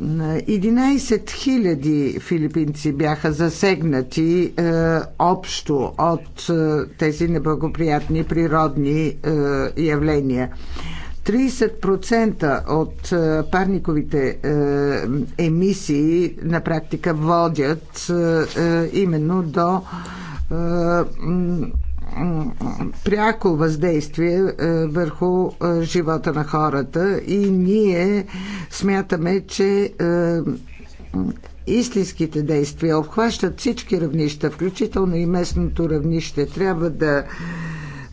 11 000 филипинци бяха засегнати е, общо от е, тези неблагоприятни природни е, явления. 30% от е, парниковите е, емисии на практика водят е, е именно до е, пряко въздействие е, върху е, живота на хората и ние смятаме, че е, истинските действия обхващат всички равнища, включително и местното равнище. Трябва да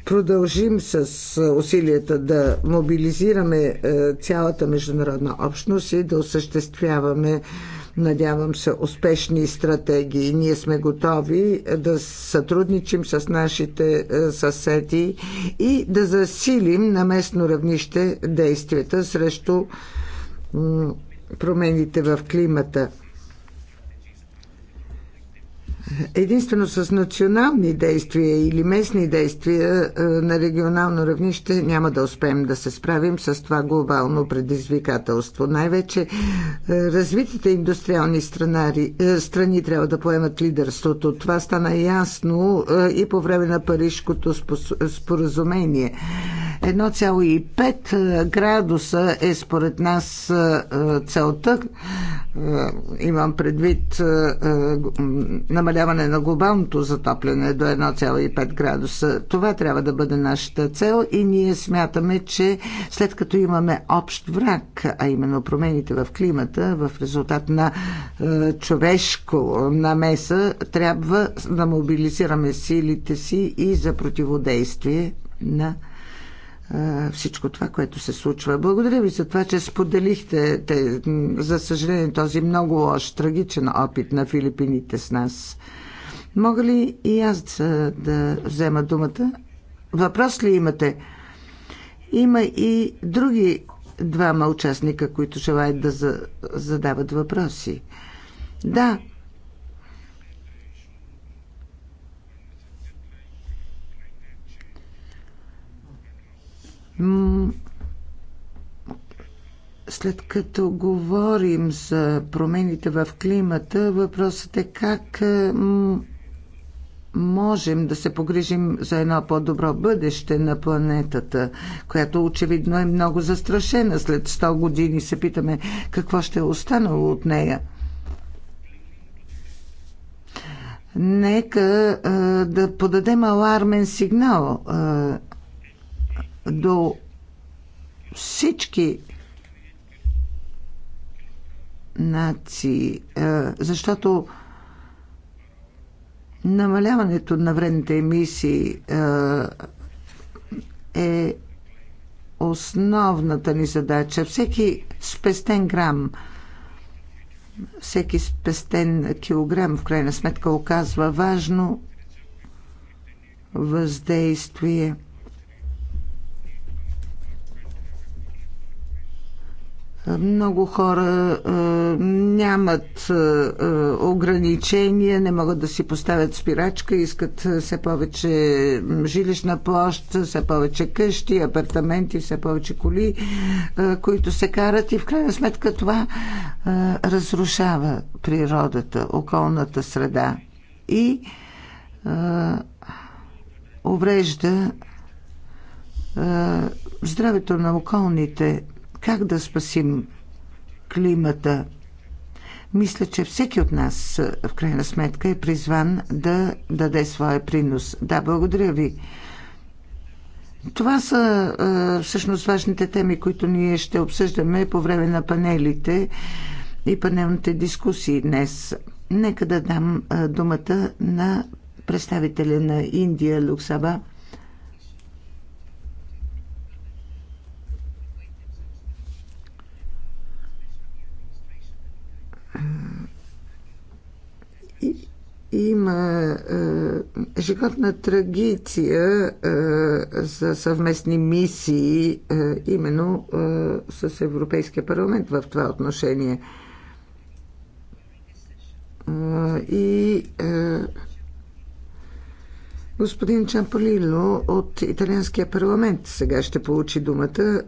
продължим с усилията да мобилизираме цялата международна общност и да осъществяваме надявам се, успешни стратегии. Ние сме готови да сътрудничим с нашите е, съседи и да засилим на местно равнище действията срещу промените в климата. Единствено с национални действия или местни действия е, на регионално равнище няма да успеем да се справим с това глобално предизвикателство. Най-вече е, развитите индустриални странари, е, страни трябва да поемат лидерството. Това стана ясно и по време на Парижкото споразумение. 1,5 градуса е според нас целта. Имам предвид намаляването намаляване на глобалното затопляне до 1,5 градуса. Това трябва да бъде нашата цел и ние смятаме, че след като имаме общ враг, а именно промените в климата, в резултат на е, човешко намеса, трябва да мобилизираме силите си и за противодействие на всичко това, което се случва. Благодаря ви за това, че споделихте, те, за съжаление, този много лош, трагичен опит на Филипините с нас. Мога ли и аз да, да взема думата? Въпрос ли имате? Има и други двама участника, които желаят да задават въпроси. Да, След като говорим за промените в климата, въпросът е как е, можем да се погрижим за едно по-добро бъдеще на планетата, която очевидно е много застрашена. След 100 години се питаме какво ще е останало от нея. Нека а, е, да подадем алармен сигнал а, е, до всички нации, е, защото намаляването на вредните емисии е, е основната ни задача. Всеки спестен грам, всеки спестен килограм, в крайна сметка, оказва важно въздействие – Много хора а, е, нямат а, е, е, ограничения, не могат да си поставят спирачка, искат все повече жилищна площ, все повече къщи, апартаменти, все повече коли, а, които се карат и в крайна сметка това а, разрушава природата, околната среда и а, уврежда а, здравето на околните как да спасим климата? Мисля, че всеки от нас в крайна сметка е призван да даде своя принос. Да, благодаря ви. Това са всъщност важните теми, които ние ще обсъждаме по време на панелите и панелните дискусии днес. Нека да дам думата на представителя на Индия Люксаба има е ежегодна традиция е, за съвместни мисии е, именно е, с Европейския парламент в това отношение. И господин Чамполино от Италианския парламент сега ще получи думата.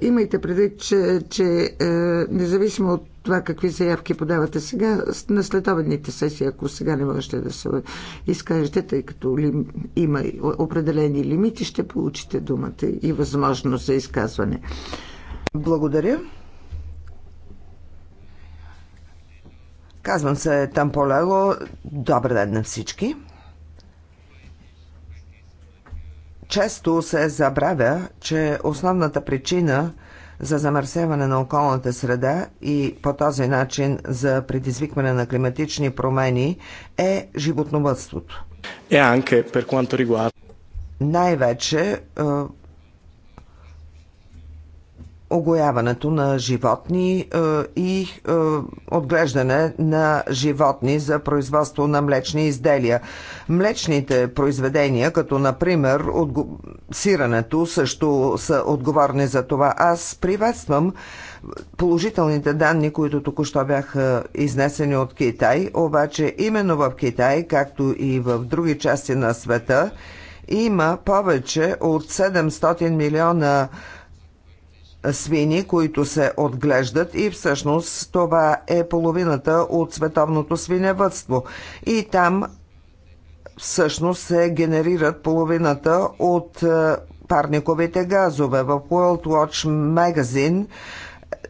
Имайте предвид, че, че независимо от това какви заявки подавате сега на следобедните сесии, ако сега не можете да се изкажете, тъй като има определени лимити, ще получите думата и възможност за изказване. Благодаря. Казвам се там по-лего. Добър ден на всички. Често се забравя, че основната причина – за замърсяване на околната среда и по този начин за предизвикване на климатични промени е животновътството. Е, анке, per quanto riguarda най-вече е, огояването на животни е, и е, отглеждане на животни за производство на млечни изделия. Млечните произведения, като например сирането, също са отговорни за това. Аз приветствам положителните данни, които току-що бяха изнесени от Китай, обаче именно в Китай, както и в други части на света, има повече от 700 милиона свини, които се отглеждат и всъщност това е половината от световното свиневътство. И там всъщност се генерират половината от е, парниковите газове. В World Watch Magazine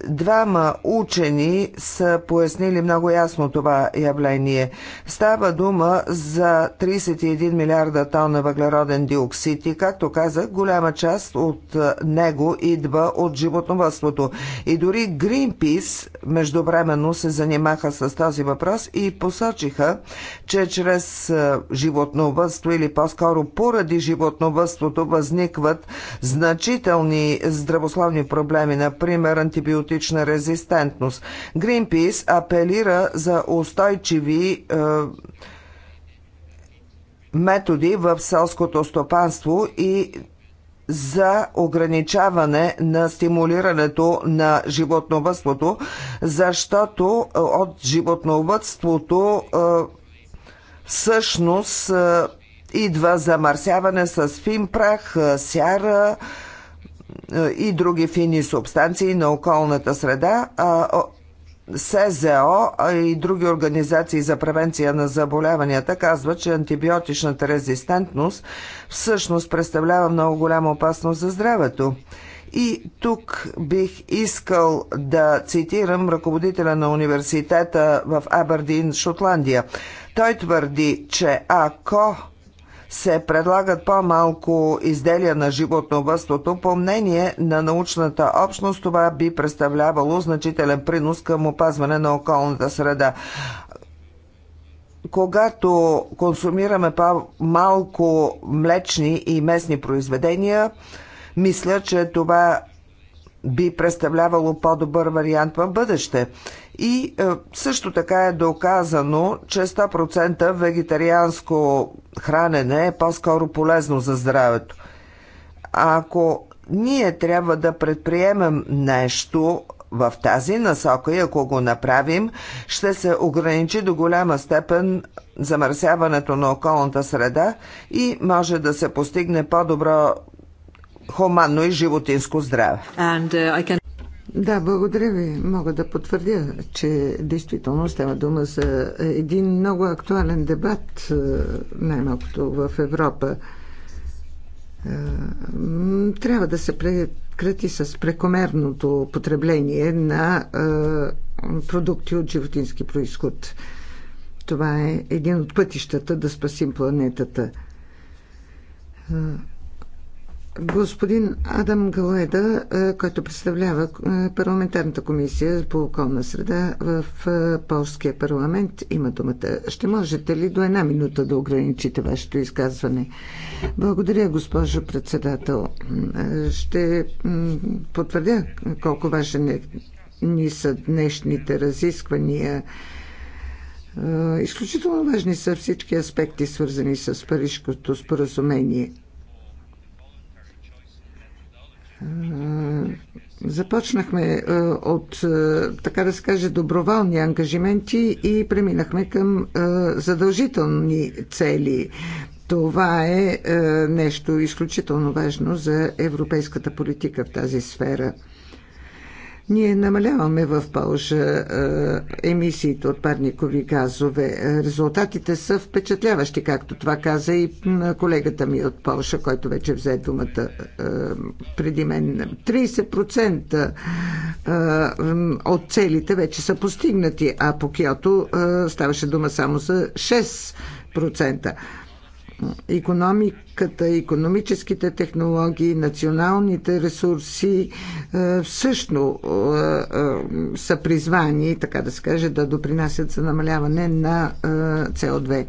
Двама учени са пояснили много ясно това явление. Става дума за 31 милиарда тона въглероден диоксид и, както казах, голяма част от него идва от животновътството. И дори Гринпис междувременно се занимаха с този въпрос и посочиха, че чрез животновътство или по-скоро поради животновътството възникват значителни здравословни проблеми, например антибиотици антибиотична резистентност. Greenpeace апелира за устойчиви е, методи в селското стопанство и за ограничаване на стимулирането на животновътството, защото е, от животновътството е, всъщност е, идва замърсяване с фин прах, сяра, е, и други фини субстанции на околната среда, а СЗО и други организации за превенция на заболяванията казват, че антибиотичната резистентност всъщност представлява много голяма опасност за здравето. И тук бих искал да цитирам ръководителя на университета в Абердин, Шотландия. Той твърди, че ако се предлагат по-малко изделия на животновътството, по мнение на научната общност това би представлявало значителен принос към опазване на околната среда когато консумираме по-малко млечни и местни произведения, мисля, че това би представлявало по-добър вариант в бъдеще. И е, също така е доказано, че 100% вегетарианско хранене е по-скоро полезно за здравето. Ако ние трябва да предприемем нещо в тази насока и ако го направим, ще се ограничи до голяма степен замърсяването на околната среда и може да се постигне по-добро хуманно и животинско здраве. And, uh, I can... Да, благодаря ви. Мога да потвърдя, че действително става дума за един много актуален дебат, е, най-малкото в Европа. Е, трябва да се прекрати с прекомерното потребление на е, продукти от животински происход. Това е един от пътищата да спасим планетата. Господин Адам Галеда, е, който представлява е, парламентарната комисия по околна среда в е, Полския парламент, има думата. Ще можете ли до една минута да ограничите вашето изказване? Благодаря, госпожо председател. Ще потвърдя колко важен ни са днешните разисквания. Изключително важни са всички аспекти, свързани с Парижкото споразумение – Започнахме е, от, е, така да се каже, доброволни ангажименти и преминахме към е, задължителни цели. Това е нещо изключително важно за европейската политика в тази сфера. Ние намаляваме в Пължа е, емисиите от парникови газове. Резултатите са впечатляващи, както това каза и колегата ми от Полша, който вече взе думата е, преди мен. 30% е, от целите вече са постигнати, а по Киото ставаше дума само за 6% економиката, економическите технологии, националните ресурси е, всъщност е, е, са призвани, така да се каже, да допринасят за намаляване на CO2.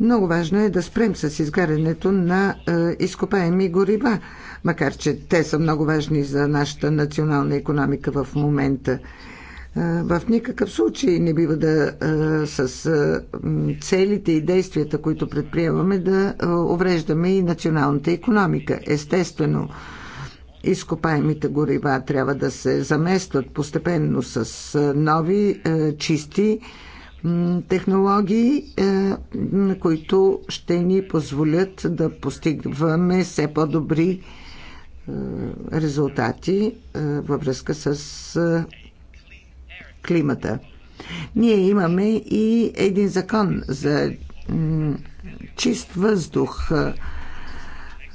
Много важно е да спрем с изгарянето на е, изкопаеми горива, макар че те са много важни за нашата национална економика в момента. В никакъв случай не бива да с целите и действията, които предприемаме, да увреждаме и националната економика. Естествено, изкопаемите горива трябва да се заместват постепенно с нови, чисти технологии, които ще ни позволят да постигваме все по-добри резултати във връзка с климата. Ние имаме и един закон за чист въздух.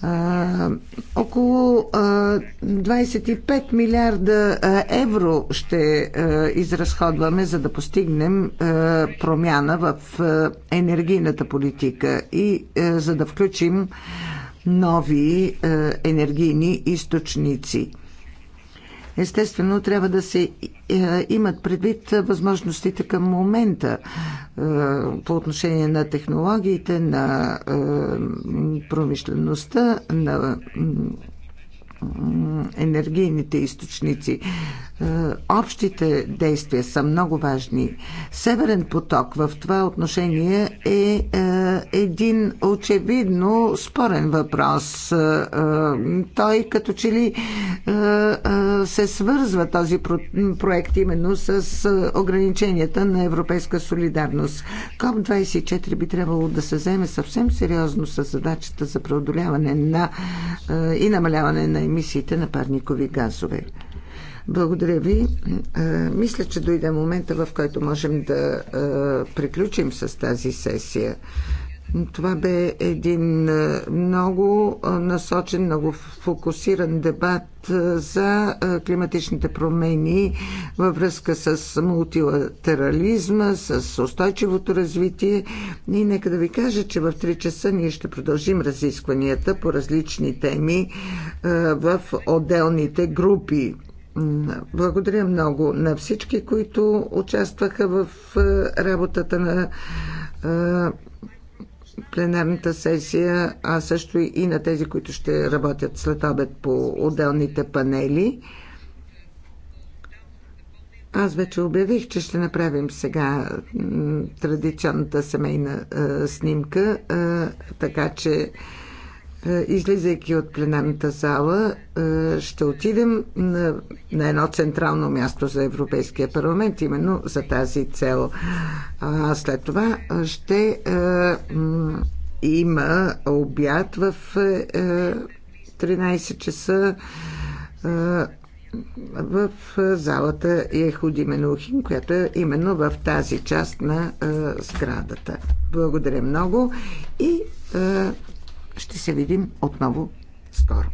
А, около а, 25 милиарда евро ще а, изразходваме, за да постигнем а, промяна в а, енергийната политика и а, за да включим нови а, енергийни източници. Естествено, трябва да се е, имат предвид възможностите към момента е, по отношение на технологиите, на е, промишлеността, на енергийните източници. Е, общите действия са много важни. Северен поток в това отношение е, е един очевидно спорен въпрос. Е, той като че ли се свързва този проект именно с ограниченията на европейска солидарност. КОП-24 би трябвало да се вземе съвсем сериозно с задачата за преодоляване на и намаляване на емисиите на парникови газове. Благодаря ви. Мисля, че дойде момента, в който можем да приключим с тази сесия. Това бе един много насочен, много фокусиран дебат за климатичните промени във връзка с мултилатерализма, с устойчивото развитие. И нека да ви кажа, че в 3 часа ние ще продължим разискванията по различни теми в отделните групи. Благодаря много на всички, които участваха в е, работата на е, пленарната сесия, а също и на тези, които ще работят след обед по отделните панели. Аз вече обявих, че ще направим сега традиционната семейна е, снимка, така че е, излизайки от пленарната зала, е, ще отидем на, на едно централно място за Европейския парламент, именно за тази цел. А след това ще е, има обяд в 13 часа в залата Ехуди Менухин, която е именно в тази част на сградата. Благодаря много и ще се видим отново скоро.